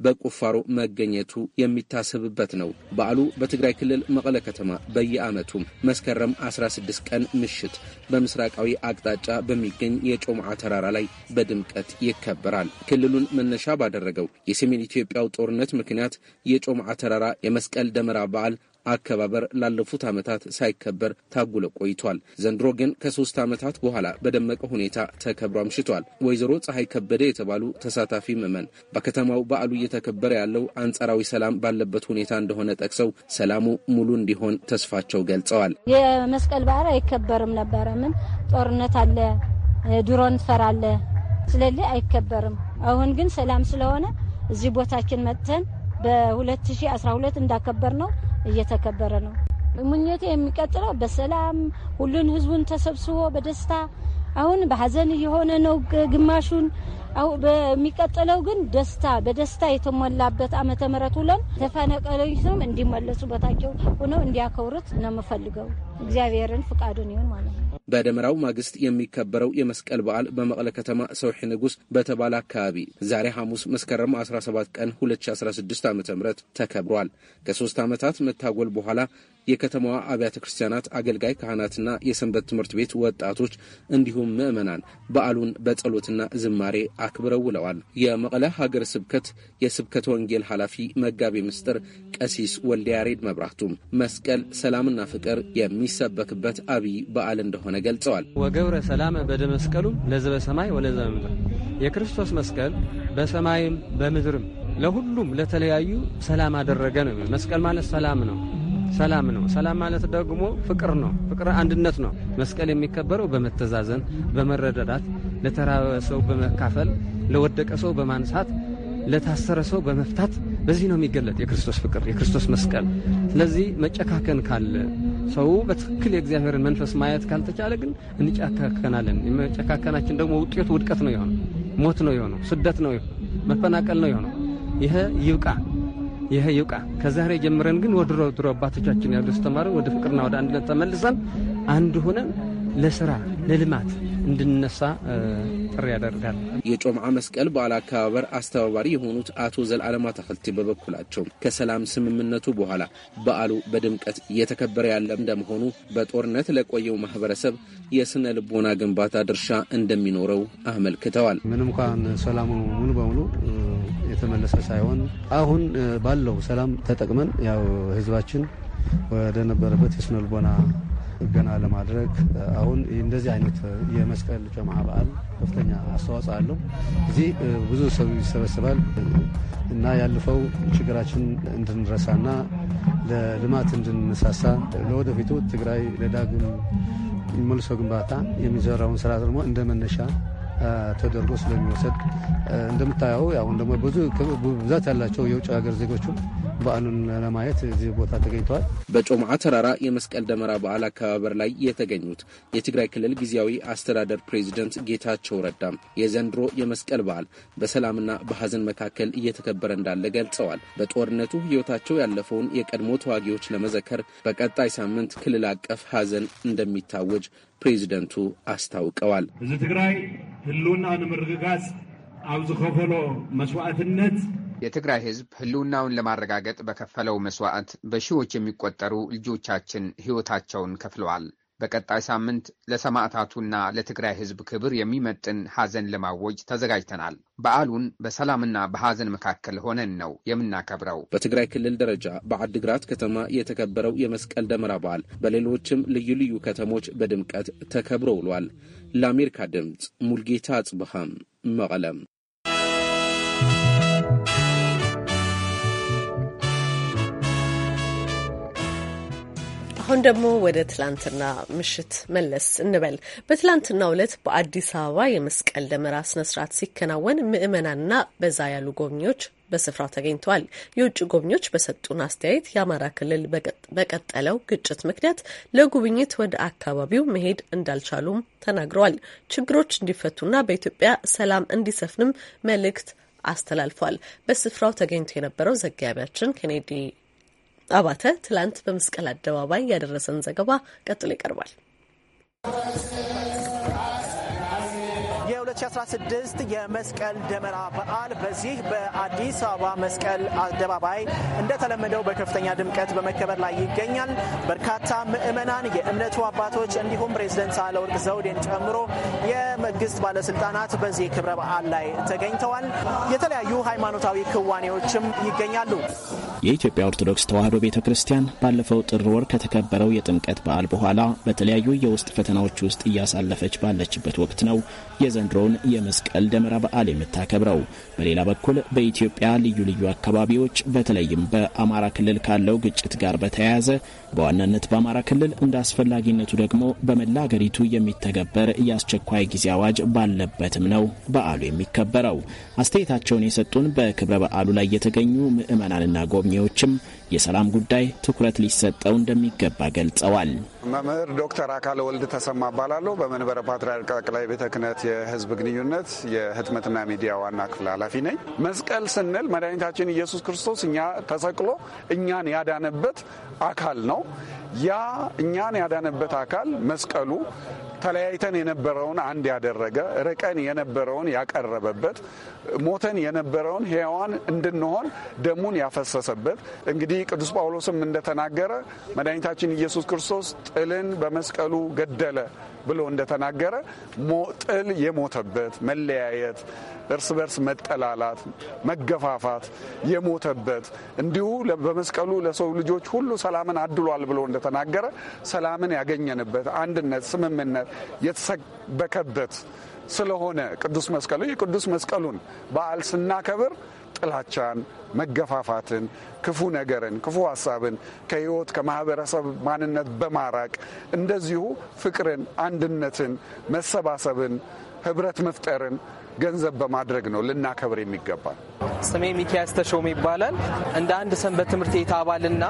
በቁፋሮ መገኘቱ የሚታሰብበት ነው። በዓሉ በትግራይ ክልል መቀለ ከተማ በየዓመቱ መስከረም 16 ቀን ምሽት በምስራቃዊ አቅጣጫ በሚገኝ የጮምዓ ተራራ ላይ በድምቀት ይከበራል። ክልሉን መነሻ ባደረገው የሰሜን ኢትዮጵያው ጦርነት ምክንያት የጮምዓ ተራራ የመስቀል ደመራ በዓል አከባበር ላለፉት ዓመታት ሳይከበር ታጉለ ቆይቷል። ዘንድሮ ግን ከሶስት ዓመታት በኋላ በደመቀ ሁኔታ ተከብሮ አምሽቷል። ወይዘሮ ፀሐይ ከበደ የተባሉ ተሳታፊ ምዕመን በከተማው በዓሉ እየተከበረ ያለው አንጻራዊ ሰላም ባለበት ሁኔታ እንደሆነ ጠቅሰው ሰላሙ ሙሉ እንዲሆን ተስፋቸው ገልጸዋል። የመስቀል በዓል አይከበርም ነበረ። ምን ጦርነት አለ፣ ድሮን ፈራለ፣ ስለሌ አይከበርም አሁን ግን ሰላም ስለሆነ እዚህ ቦታችን መጥተን በ2012 እንዳከበር ነው እየተከበረ ነው። ምኞቴ የሚቀጥለው በሰላም ሁሉን ህዝቡን ተሰብስቦ በደስታ አሁን በሀዘን እየሆነ ነው ግማሹን። በሚቀጥለው ግን ደስታ በደስታ የተሞላበት ዓመተ ምህረት ውለን ተፈናቃዮችም እንዲመለሱ ቦታቸው ሆነው እንዲያከብሩት ነው የምፈልገው። እግዚአብሔርን ፍቃዱን ይሁን ማለት ነው። በደመራው ማግስት የሚከበረው የመስቀል በዓል በመቀለ ከተማ ሰውሒ ንጉስ በተባለ አካባቢ ዛሬ ሐሙስ መስከረም 17 ቀን 2016 ዓ ም ተከብሯል። ከሶስት ዓመታት መታጎል በኋላ የከተማዋ አብያተ ክርስቲያናት አገልጋይ ካህናትና የሰንበት ትምህርት ቤት ወጣቶች እንዲሁም ምዕመናን በዓሉን በጸሎትና ዝማሬ አክብረው ውለዋል። የመቀለ ሀገረ ስብከት የስብከተ ወንጌል ኃላፊ መጋቤ ምስጢር ቀሲስ ወልደ ያሬድ መብራቱም መስቀል ሰላምና ፍቅር የሚሰበክበት አብይ በዓል እንደሆነ ገልጸዋል። ወገብረ ሰላመ መስቀሉ ለዘበ ሰማይ ወለዘበ ምድር የክርስቶስ መስቀል በሰማይም በምድርም ለሁሉም ለተለያዩ ሰላም አደረገ ነው። መስቀል ማለት ሰላም ነው። ሰላም ነው። ሰላም ማለት ደግሞ ፍቅር ነው። ፍቅር አንድነት ነው። መስቀል የሚከበረው በመተዛዘን በመረዳዳት፣ ለተራበ ሰው በመካፈል፣ ለወደቀ ሰው በማንሳት፣ ለታሰረ ሰው በመፍታት በዚህ ነው የሚገለጥ የክርስቶስ ፍቅር የክርስቶስ መስቀል። ስለዚህ መጨካከን ካለ ሰው በትክክል የእግዚአብሔርን መንፈስ ማየት ካልተቻለ ግን እንጨካከናለን። የመጨካከናችን ደግሞ ውጤቱ ውድቀት ነው የሆነው፣ ሞት ነው የሆነው፣ ስደት ነው የሆነው፣ መፈናቀል ነው የሆነው። ይህ ይብቃ። ይሄ ይውቃ። ከዛሬ ጀምረን ግን ወድሮ ድሮ አባቶቻችን ያሉ አስተማሪ ወደ ፍቅርና ወደ አንድነት ተመልሰን አንድ ሆነን ለስራ ለልማት እንድንነሳ ጥሪ ያደርጋል። የጮምዓ መስቀል በዓል አከባበር አስተባባሪ የሆኑት አቶ ዘልዓለማ ተክልቲ በበኩላቸው ከሰላም ስምምነቱ በኋላ በዓሉ በድምቀት እየተከበረ ያለ እንደመሆኑ በጦርነት ለቆየው ማህበረሰብ የስነ ልቦና ግንባታ ድርሻ እንደሚኖረው አመልክተዋል። ምንም እንኳን ሰላሙ ሙሉ በሙሉ የተመለሰ ሳይሆን አሁን ባለው ሰላም ተጠቅመን ያው ህዝባችን ወደነበረበት የስነ ልቦና ጥገና ለማድረግ አሁን እንደዚህ አይነት የመስቀል ጀምዓ በዓል ከፍተኛ አስተዋጽኦ አለው። እዚህ ብዙ ሰው ይሰበስባል እና ያለፈው ችግራችን እንድንረሳና ለልማት እንድንሳሳ ለወደፊቱ ትግራይ ለዳግም መልሶ ግንባታ የሚዘራውን ስራ ደግሞ እንደ መነሻ ተደርጎ ስለሚወሰድ እንደምታየው አሁን ደግሞ ብዙ ብዛት ያላቸው የውጭ ሀገር ዜጎችም በዓሉን ለማየት እዚህ ቦታ ተገኝተዋል። በጮማዓ ተራራ የመስቀል ደመራ በዓል አከባበር ላይ የተገኙት የትግራይ ክልል ጊዜያዊ አስተዳደር ፕሬዚደንት ጌታቸው ረዳም የዘንድሮ የመስቀል በዓል በሰላምና በሀዘን መካከል እየተከበረ እንዳለ ገልጸዋል። በጦርነቱ ሕይወታቸው ያለፈውን የቀድሞ ተዋጊዎች ለመዘከር በቀጣይ ሳምንት ክልል አቀፍ ሀዘን እንደሚታወጅ ፕሬዚደንቱ አስታውቀዋል። እዚ ትግራይ ህልውና ንምርግጋጽ ኣብ ዝኸፈሎ መስዋዕትነት የትግራይ ህዝብ ህልውናውን ለማረጋገጥ በከፈለው መስዋዕት በሺዎች የሚቆጠሩ ልጆቻችን ህይወታቸውን ከፍለዋል። በቀጣይ ሳምንት ለሰማዕታቱና ለትግራይ ሕዝብ ክብር የሚመጥን ሐዘን ለማወጅ ተዘጋጅተናል። በዓሉን በሰላምና በሐዘን መካከል ሆነን ነው የምናከብረው። በትግራይ ክልል ደረጃ በአድግራት ከተማ የተከበረው የመስቀል ደመራ በዓል በሌሎችም ልዩ ልዩ ከተሞች በድምቀት ተከብሮ ውሏል። ለአሜሪካ ድምፅ ሙልጌታ አጽብሃም መቀለም አሁን ደግሞ ወደ ትላንትና ምሽት መለስ እንበል። በትላንትናው ዕለት በአዲስ አበባ የመስቀል ደመራ ስነስርዓት ሲከናወን ምዕመናንና በዛ ያሉ ጎብኚዎች በስፍራው ተገኝተዋል። የውጭ ጎብኚዎች በሰጡን አስተያየት የአማራ ክልል በቀጠለው ግጭት ምክንያት ለጉብኝት ወደ አካባቢው መሄድ እንዳልቻሉም ተናግረዋል። ችግሮች እንዲፈቱና በኢትዮጵያ ሰላም እንዲሰፍንም መልእክት አስተላልፏል። በስፍራው ተገኝቶ የነበረው ዘጋቢያችን ኬኔዲ አባተ ትላንት በመስቀል አደባባይ ያደረሰን ዘገባ ቀጥሎ ይቀርባል። የ2016 የመስቀል ደመራ በዓል በዚህ በአዲስ አበባ መስቀል አደባባይ እንደተለመደው በከፍተኛ ድምቀት በመከበር ላይ ይገኛል። በርካታ ምዕመናን፣ የእምነቱ አባቶች እንዲሁም ፕሬዝደንት ሳህለወርቅ ዘውዴን ጨምሮ የመንግስት ባለስልጣናት በዚህ ክብረ በዓል ላይ ተገኝተዋል። የተለያዩ ሃይማኖታዊ ክዋኔዎችም ይገኛሉ። የኢትዮጵያ ኦርቶዶክስ ተዋሕዶ ቤተ ክርስቲያን ባለፈው ጥር ወር ከተከበረው የጥምቀት በዓል በኋላ በተለያዩ የውስጥ ፈተናዎች ውስጥ እያሳለፈች ባለችበት ወቅት ነው የዘንድሮውን የመስቀል ደመራ በዓል የምታከብረው። በሌላ በኩል በኢትዮጵያ ልዩ ልዩ አካባቢዎች በተለይም በአማራ ክልል ካለው ግጭት ጋር በተያያዘ በዋናነት በአማራ ክልል እንደ አስፈላጊነቱ ደግሞ በመላ አገሪቱ የሚተገበር የአስቸኳይ ጊዜ አዋጅ ባለበትም ነው በዓሉ የሚከበረው። አስተያየታቸውን የሰጡን በክብረ በዓሉ ላይ የተገኙ ምዕመናንና ጎብኚ ባለሙያዎችም የሰላም ጉዳይ ትኩረት ሊሰጠው እንደሚገባ ገልጸዋል። መምህር ዶክተር አካለ ወልድ ተሰማ እባላለሁ። በመንበረ ፓትርያርክ ጠቅላይ ቤተ ክህነት የሕዝብ ግንኙነት የህትመትና ሚዲያ ዋና ክፍል ኃላፊ ነኝ። መስቀል ስንል መድኃኒታችን ኢየሱስ ክርስቶስ እኛ ተሰቅሎ እኛን ያዳነበት አካል ነው። ያ እኛን ያዳነበት አካል መስቀሉ ተለያይተን የነበረውን አንድ ያደረገ ርቀን የነበረውን ያቀረበበት ሞተን የነበረውን ሕያዋን እንድንሆን ደሙን ያፈሰሰበት እንግዲህ ቅዱስ ጳውሎስም እንደተናገረ መድኃኒታችን ኢየሱስ ክርስቶስ ጥልን በመስቀሉ ገደለ ብሎ እንደተናገረ ጥል የሞተበት መለያየት፣ እርስ በርስ መጠላላት፣ መገፋፋት የሞተበት እንዲሁ በመስቀሉ ለሰው ልጆች ሁሉ ሰላምን አድሏል ብሎ እንደተናገረ ሰላምን ያገኘንበት አንድነት፣ ስምምነት የተሰበከበት ስለሆነ ቅዱስ መስቀሉ የቅዱስ መስቀሉን በዓል ስናከብር ጥላቻን፣ መገፋፋትን፣ ክፉ ነገርን፣ ክፉ ሀሳብን ከህይወት ከማህበረሰብ ማንነት በማራቅ እንደዚሁ ፍቅርን፣ አንድነትን፣ መሰባሰብን፣ ህብረት መፍጠርን ገንዘብ በማድረግ ነው ልናከብር የሚገባል። ስሜ ሚኪያስ ተሾም ይባላል። እንደ አንድ ሰንበት ትምህርት ቤት አባልና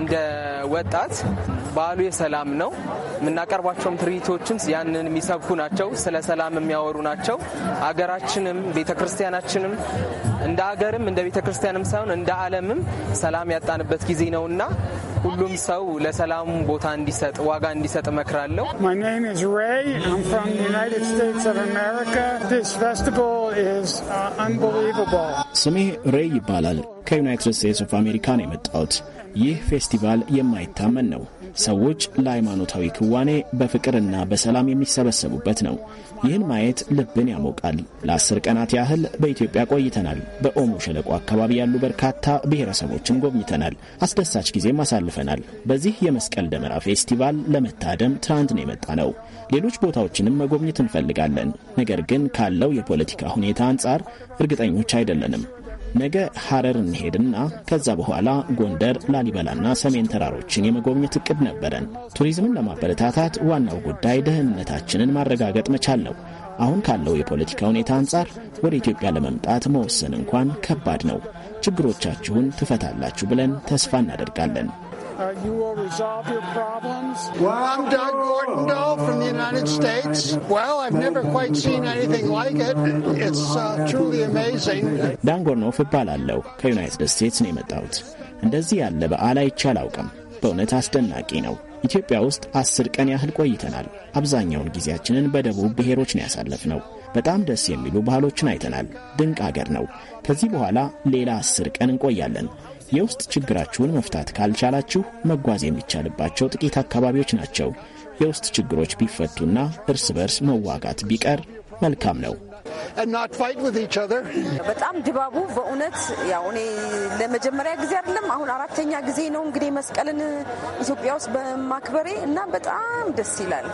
እንደ ወጣት በዓሉ የሰላም ነው። የምናቀርባቸውም ትርኢቶችም ያንን የሚሰብኩ ናቸው። ስለ ሰላም የሚያወሩ ናቸው። አገራችንም ቤተ ክርስቲያናችንም እንደ አገርም እንደ ቤተ ክርስቲያንም ሳይሆን እንደ ዓለምም ሰላም ያጣንበት ጊዜ ነው እና ሁሉም ሰው ለሰላም ቦታ እንዲሰጥ ዋጋ እንዲሰጥ እመክራለሁ። uh, ስሜ ሬይ ይባላል። ከዩናይትድ ስቴትስ ኦፍ አሜሪካ ነው የመጣሁት። ይህ ፌስቲቫል የማይታመን ነው። ሰዎች ለሃይማኖታዊ ክዋኔ በፍቅርና በሰላም የሚሰበሰቡበት ነው። ይህን ማየት ልብን ያሞቃል። ለአስር ቀናት ያህል በኢትዮጵያ ቆይተናል። በኦሞ ሸለቆ አካባቢ ያሉ በርካታ ብሔረሰቦችን ጎብኝተናል። አስደሳች ጊዜም አሳልፈናል። በዚህ የመስቀል ደመራ ፌስቲቫል ለመታደም ትናንት ነው የመጣ ነው። ሌሎች ቦታዎችንም መጎብኘት እንፈልጋለን። ነገር ግን ካለው የፖለቲካ ሁኔታ አንጻር እርግጠኞች አይደለንም። ነገ ሐረር እንሄድና ከዛ በኋላ ጎንደር፣ ላሊበላና ሰሜን ተራሮችን የመጎብኘት እቅድ ነበረን። ቱሪዝምን ለማበረታታት ዋናው ጉዳይ ደህንነታችንን ማረጋገጥ መቻል ነው። አሁን ካለው የፖለቲካ ሁኔታ አንጻር ወደ ኢትዮጵያ ለመምጣት መወሰን እንኳን ከባድ ነው። ችግሮቻችሁን ትፈታላችሁ ብለን ተስፋ እናደርጋለን። Uh, you will resolve your problems. Well, I'm Doug Gordondale from the United States. Well, I've never quite seen anything like it. It's uh, truly amazing. ዳን ጎርኖፍ እባላለሁ። ከዩናይትድ ስቴትስ ነው የመጣሁት። እንደዚህ ያለ በዓል አይቼ አላውቅም። በእውነት አስደናቂ ነው። ኢትዮጵያ ውስጥ አስር ቀን ያህል ቆይተናል። አብዛኛውን ጊዜያችንን በደቡብ ብሔሮች ነው ያሳለፍነው። በጣም ደስ የሚሉ ባህሎችን አይተናል። ድንቅ አገር ነው። ከዚህ በኋላ ሌላ አስር ቀን እንቆያለን። የውስጥ ችግራችሁን መፍታት ካልቻላችሁ መጓዝ የሚቻልባቸው ጥቂት አካባቢዎች ናቸው። የውስጥ ችግሮች ቢፈቱና እርስ በርስ መዋጋት ቢቀር መልካም ነው። በጣም ድባቡ በእውነት ያው እኔ ለመጀመሪያ ጊዜ አይደለም፣ አሁን አራተኛ ጊዜ ነው እንግዲህ መስቀልን ኢትዮጵያ ውስጥ በማክበሬ እና በጣም ደስ ይላል።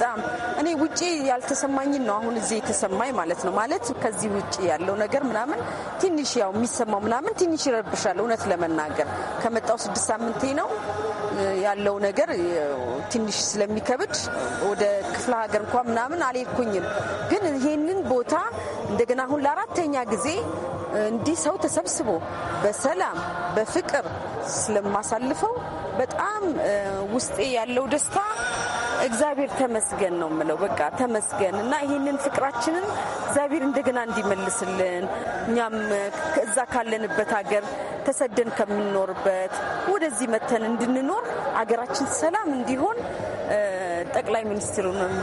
በጣም እኔ ውጭ ያልተሰማኝን ነው አሁን እዚህ የተሰማኝ ማለት ነው። ማለት ከዚህ ውጭ ያለው ነገር ምናምን ትንሽ ያው የሚሰማው ምናምን ትንሽ ይረብሻል። እውነት ለመናገር ከመጣው ስድስት ሳምንቴ ነው ያለው ነገር ትንሽ ስለሚከብድ ወደ ክፍለ ሀገር እንኳ ምናምን አልሄድኩኝም። ግን ይሄንን ቦታ እንደገና አሁን ለአራተኛ ጊዜ እንዲህ ሰው ተሰብስቦ በሰላም በፍቅር ስለማሳልፈው በጣም ውስጤ ያለው ደስታ እግዚአብሔር ተመስገን ነው የምለው። በቃ ተመስገን እና ይህንን ፍቅራችንን እግዚአብሔር እንደገና እንዲመልስልን እኛም እዛ ካለንበት ሀገር ተሰደን ከምንኖርበት ወደዚህ መተን እንድንኖር አገራችን ሰላም እንዲሆን ጠቅላይ ሚኒስትሩንም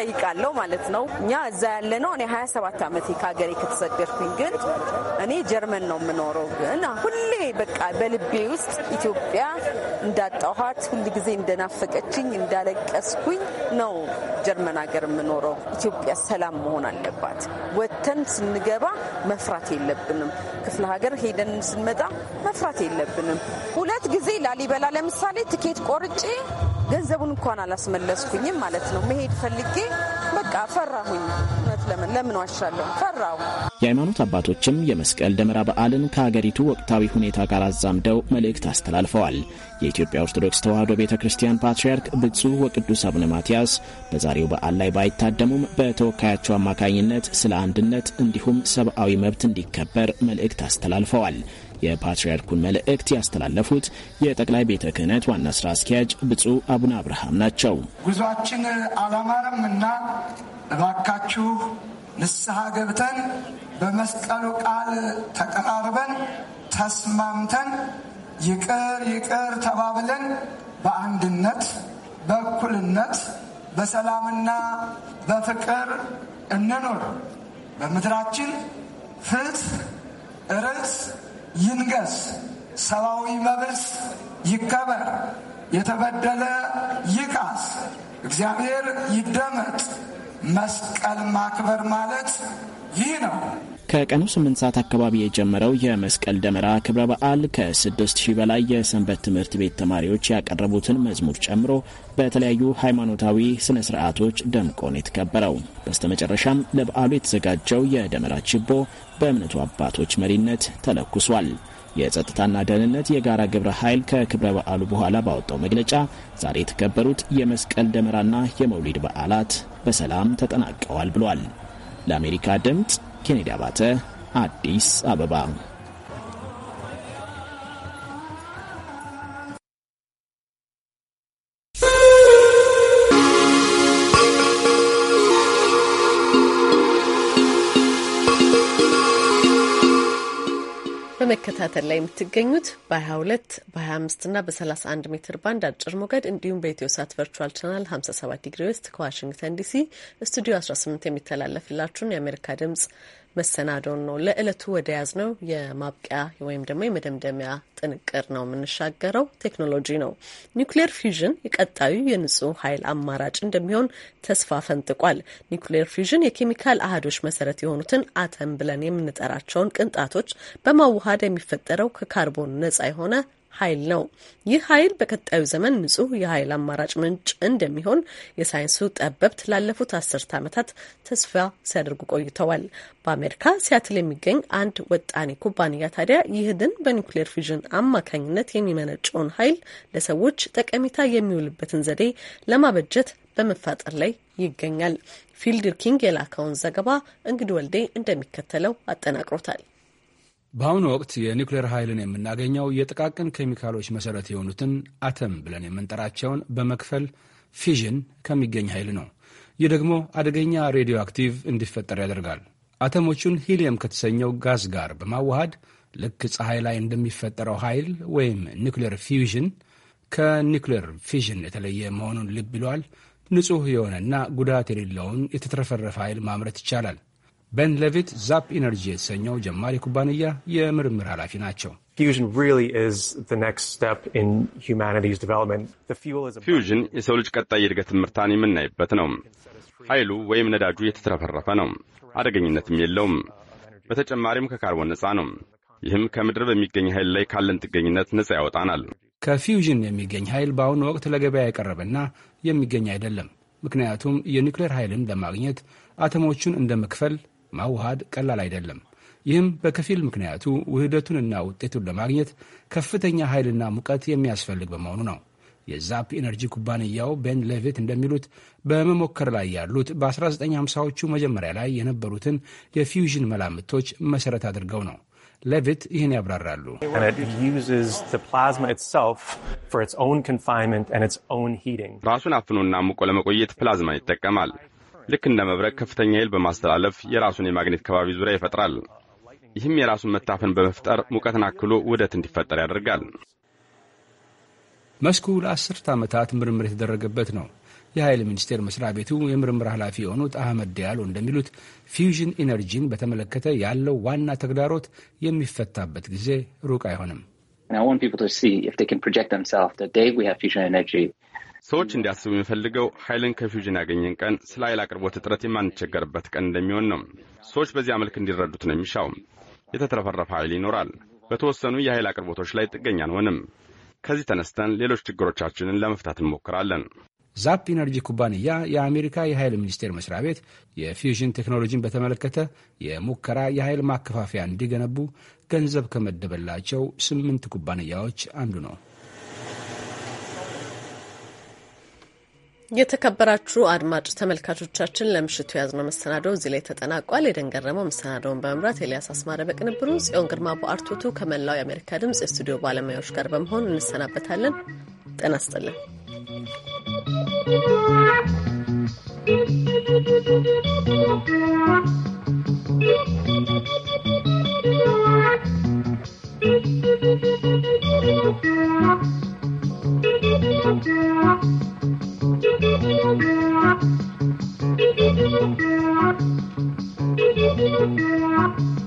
ጠይቃለሁ ማለት ነው። እኛ እዛ ያለ ነው። እኔ 27 ዓመት ከሀገሬ ከተሰደድኩኝ፣ ግን እኔ ጀርመን ነው የምኖረው ግን ሁሌ በቃ በልቤ ውስጥ ኢትዮጵያ እንዳጣኋት ጊዜ እንደናፈቀችኝ እንዳለቀስኩኝ ነው ጀርመን ሀገር የምኖረው። ኢትዮጵያ ሰላም መሆን አለባት። ወጥተን ስንገባ መፍራት የለብንም። ክፍለ ሀገር ሄደን ስንመጣ መፍራት የለብንም። ሁለት ጊዜ ላሊበላ ለምሳሌ ትኬት ቆርጬ ገንዘቡን እንኳን አላስመለስኩኝም ማለት ነው። መሄድ ፈልጌ በቃ ፈራሁኝ። እውነት ለምን ለምን ዋሻለሁ? ፈራሁ። የሃይማኖት አባቶችም የመስቀል ደመራ በዓልን ከሀገሪቱ ወቅታዊ ሁኔታ ጋር አዛምደው መልእክት አስተላልፈዋል። የኢትዮጵያ ኦርቶዶክስ ተዋሕዶ ቤተ ክርስቲያን ፓትርያርክ ብፁዕ ወቅዱስ አቡነ ማትያስ በዛሬው በዓል ላይ ባይታደሙም በተወካያቸው አማካኝነት ስለ አንድነት እንዲሁም ሰብአዊ መብት እንዲከበር መልእክት አስተላልፈዋል። የፓትርያርኩን መልእክት ያስተላለፉት የጠቅላይ ቤተ ክህነት ዋና ስራ አስኪያጅ ብፁዕ አቡነ አብርሃም ናቸው። ጉዟችን አላማረም እና እባካችሁ ንስሐ ገብተን በመስቀሉ ቃል ተቀራርበን ተስማምተን ይቅር ይቅር ተባብለን በአንድነት በእኩልነት በሰላምና በፍቅር እንኖር። በምድራችን ፍትህ፣ ርዕስ ይንገስ፣ ሰብአዊ መብት ይከበር፣ የተበደለ ይካስ፣ እግዚአብሔር ይደመጥ። መስቀል ማክበር ማለት ይህ ነው። ከቀኑ 8 ሰዓት አካባቢ የጀመረው የመስቀል ደመራ ክብረ በዓል ከ6000 በላይ የሰንበት ትምህርት ቤት ተማሪዎች ያቀረቡትን መዝሙር ጨምሮ በተለያዩ ሃይማኖታዊ ስነ ስርዓቶች ደምቆ ነው የተከበረው። በስተመጨረሻም ለበዓሉ የተዘጋጀው የደመራ ችቦ በእምነቱ አባቶች መሪነት ተለኩሷል። የጸጥታና ደህንነት የጋራ ግብረ ኃይል ከክብረ በዓሉ በኋላ ባወጣው መግለጫ ዛሬ የተከበሩት የመስቀል ደመራና የመውሊድ በዓላት በሰላም ተጠናቀዋል ብሏል። ለአሜሪካ ድምፅ ኬኔዲ አባተ አዲስ አበባ በመከታተል ላይ የምትገኙት በ22 በ25 እና በ31 ሜትር ባንድ አጭር ሞገድ እንዲሁም በኢትዮ ሳት ቨርቹዋል ቻናል 57 ዲግሪ ዌስት ከዋሽንግተን ዲሲ ስቱዲዮ 18 የሚተላለፍላችሁን የአሜሪካ ድምጽ መሰናዶን ነው። ለዕለቱ ወደ ያዝ ነው የማብቂያ ወይም ደግሞ የመደምደሚያ ጥንቅር ነው የምንሻገረው። ቴክኖሎጂ ነው። ኒውክሌር ፊዥን የቀጣዩ የንጹህ ኃይል አማራጭ እንደሚሆን ተስፋ ፈንጥቋል። ኒውክሌር ፊዥን የኬሚካል አህዶች መሰረት የሆኑትን አተም ብለን የምንጠራቸውን ቅንጣቶች በማዋሃድ የሚፈጠረው ከካርቦን ነጻ የሆነ ኃይል ነው። ይህ ኃይል በቀጣዩ ዘመን ንጹህ የኃይል አማራጭ ምንጭ እንደሚሆን የሳይንሱ ጠበብት ላለፉት አስርተ ዓመታት ተስፋ ሲያደርጉ ቆይተዋል። በአሜሪካ ሲያትል የሚገኝ አንድ ወጣኔ ኩባንያ ታዲያ ይህንን በኒውክሌር ፊዥን አማካኝነት የሚመነጨውን ኃይል ለሰዎች ጠቀሜታ የሚውልበትን ዘዴ ለማበጀት በመፋጠር ላይ ይገኛል። ፊልድ ኪንግ የላከውን ዘገባ እንግድ ወልዴ እንደሚከተለው አጠናቅሮታል። በአሁኑ ወቅት የኒውክሌር ኃይልን የምናገኘው የጥቃቅን ኬሚካሎች መሠረት የሆኑትን አተም ብለን የምንጠራቸውን በመክፈል ፊዥን ከሚገኝ ኃይል ነው። ይህ ደግሞ አደገኛ ሬዲዮ አክቲቭ እንዲፈጠር ያደርጋል። አተሞቹን ሂሊየም ከተሰኘው ጋዝ ጋር በማዋሃድ ልክ ፀሐይ ላይ እንደሚፈጠረው ኃይል ወይም ኒውክሌር ፊዥን ከኒውክሌር ፊዥን የተለየ መሆኑን ልብ ይሏል። ንጹሕ የሆነና ጉዳት የሌለውን የተትረፈረፈ ኃይል ማምረት ይቻላል። ቤን ሌቪት ዛፕ ኢነርጂ የተሰኘው ጀማሪ ኩባንያ የምርምር ኃላፊ ናቸው። ፊውዥን የሰው ልጅ ቀጣይ የእድገት ምርታን የምናይበት ነው። ኃይሉ ወይም ነዳጁ የተትረፈረፈ ነው። አደገኝነትም የለውም። በተጨማሪም ከካርቦን ነፃ ነው። ይህም ከምድር በሚገኝ ኃይል ላይ ካለን ጥገኝነት ነፃ ያወጣናል። ከፊውዥን የሚገኝ ኃይል በአሁኑ ወቅት ለገበያ የቀረበና የሚገኝ አይደለም። ምክንያቱም የኒውክሌር ኃይልን ለማግኘት አተሞቹን እንደ መክፈል ማዋሃድ ቀላል አይደለም። ይህም በከፊል ምክንያቱ ውህደቱንና ውጤቱን ለማግኘት ከፍተኛ ኃይልና ሙቀት የሚያስፈልግ በመሆኑ ነው። የዛፕ ኢነርጂ ኩባንያው ቤን ሌቪት እንደሚሉት በመሞከር ላይ ያሉት በ1950ዎቹ መጀመሪያ ላይ የነበሩትን የፊውዥን መላምቶች መሠረት አድርገው ነው። ሌቪት ይህን ያብራራሉ። ራሱን አፍኖና ሙቆ ለመቆየት ፕላዝማን ይጠቀማል። ልክ እንደ መብረቅ ከፍተኛ ኃይል በማስተላለፍ የራሱን የማግኔት ከባቢ ዙሪያ ይፈጥራል። ይህም የራሱን መታፈን በመፍጠር ሙቀትን አክሎ ውህደት እንዲፈጠር ያደርጋል። መስኩ ለአስርት ዓመታት ምርምር የተደረገበት ነው። የኃይል ሚኒስቴር መስሪያ ቤቱ የምርምር ኃላፊ የሆኑት አህመድ ዲያሎ እንደሚሉት ፊውዥን ኢነርጂን በተመለከተ ያለው ዋና ተግዳሮት የሚፈታበት ጊዜ ሩቅ አይሆንም። ሰዎች እንዲያስቡ የሚፈልገው ኃይልን ከፊውዥን ያገኘን ቀን ስለ ኃይል አቅርቦት እጥረት የማንቸገርበት ቀን እንደሚሆን ነው። ሰዎች በዚያ መልክ እንዲረዱት ነው የሚሻው። የተትረፈረፈ ኃይል ይኖራል። በተወሰኑ የኃይል አቅርቦቶች ላይ ጥገኛ አንሆንም። ከዚህ ተነስተን ሌሎች ችግሮቻችንን ለመፍታት እንሞክራለን። ዛፕ ኢነርጂ ኩባንያ የአሜሪካ የኃይል ሚኒስቴር መስሪያ ቤት የፊውዥን ቴክኖሎጂን በተመለከተ የሙከራ የኃይል ማከፋፈያ እንዲገነቡ ገንዘብ ከመደበላቸው ስምንት ኩባንያዎች አንዱ ነው። የተከበራችሁ አድማጭ ተመልካቾቻችን ለምሽቱ የያዝነው መሰናዶው እዚህ ላይ ተጠናቋል። የደንገረመው መሰናዶውን በመምራት ኤልያስ አስማረ በቅንብሩ፣ ጽዮን ግርማ በአርቶቱ ከመላው የአሜሪካ ድምፅ የስቱዲዮ ባለሙያዎች ጋር በመሆን እንሰናበታለን። ጤና ይስጥልን። Thank you.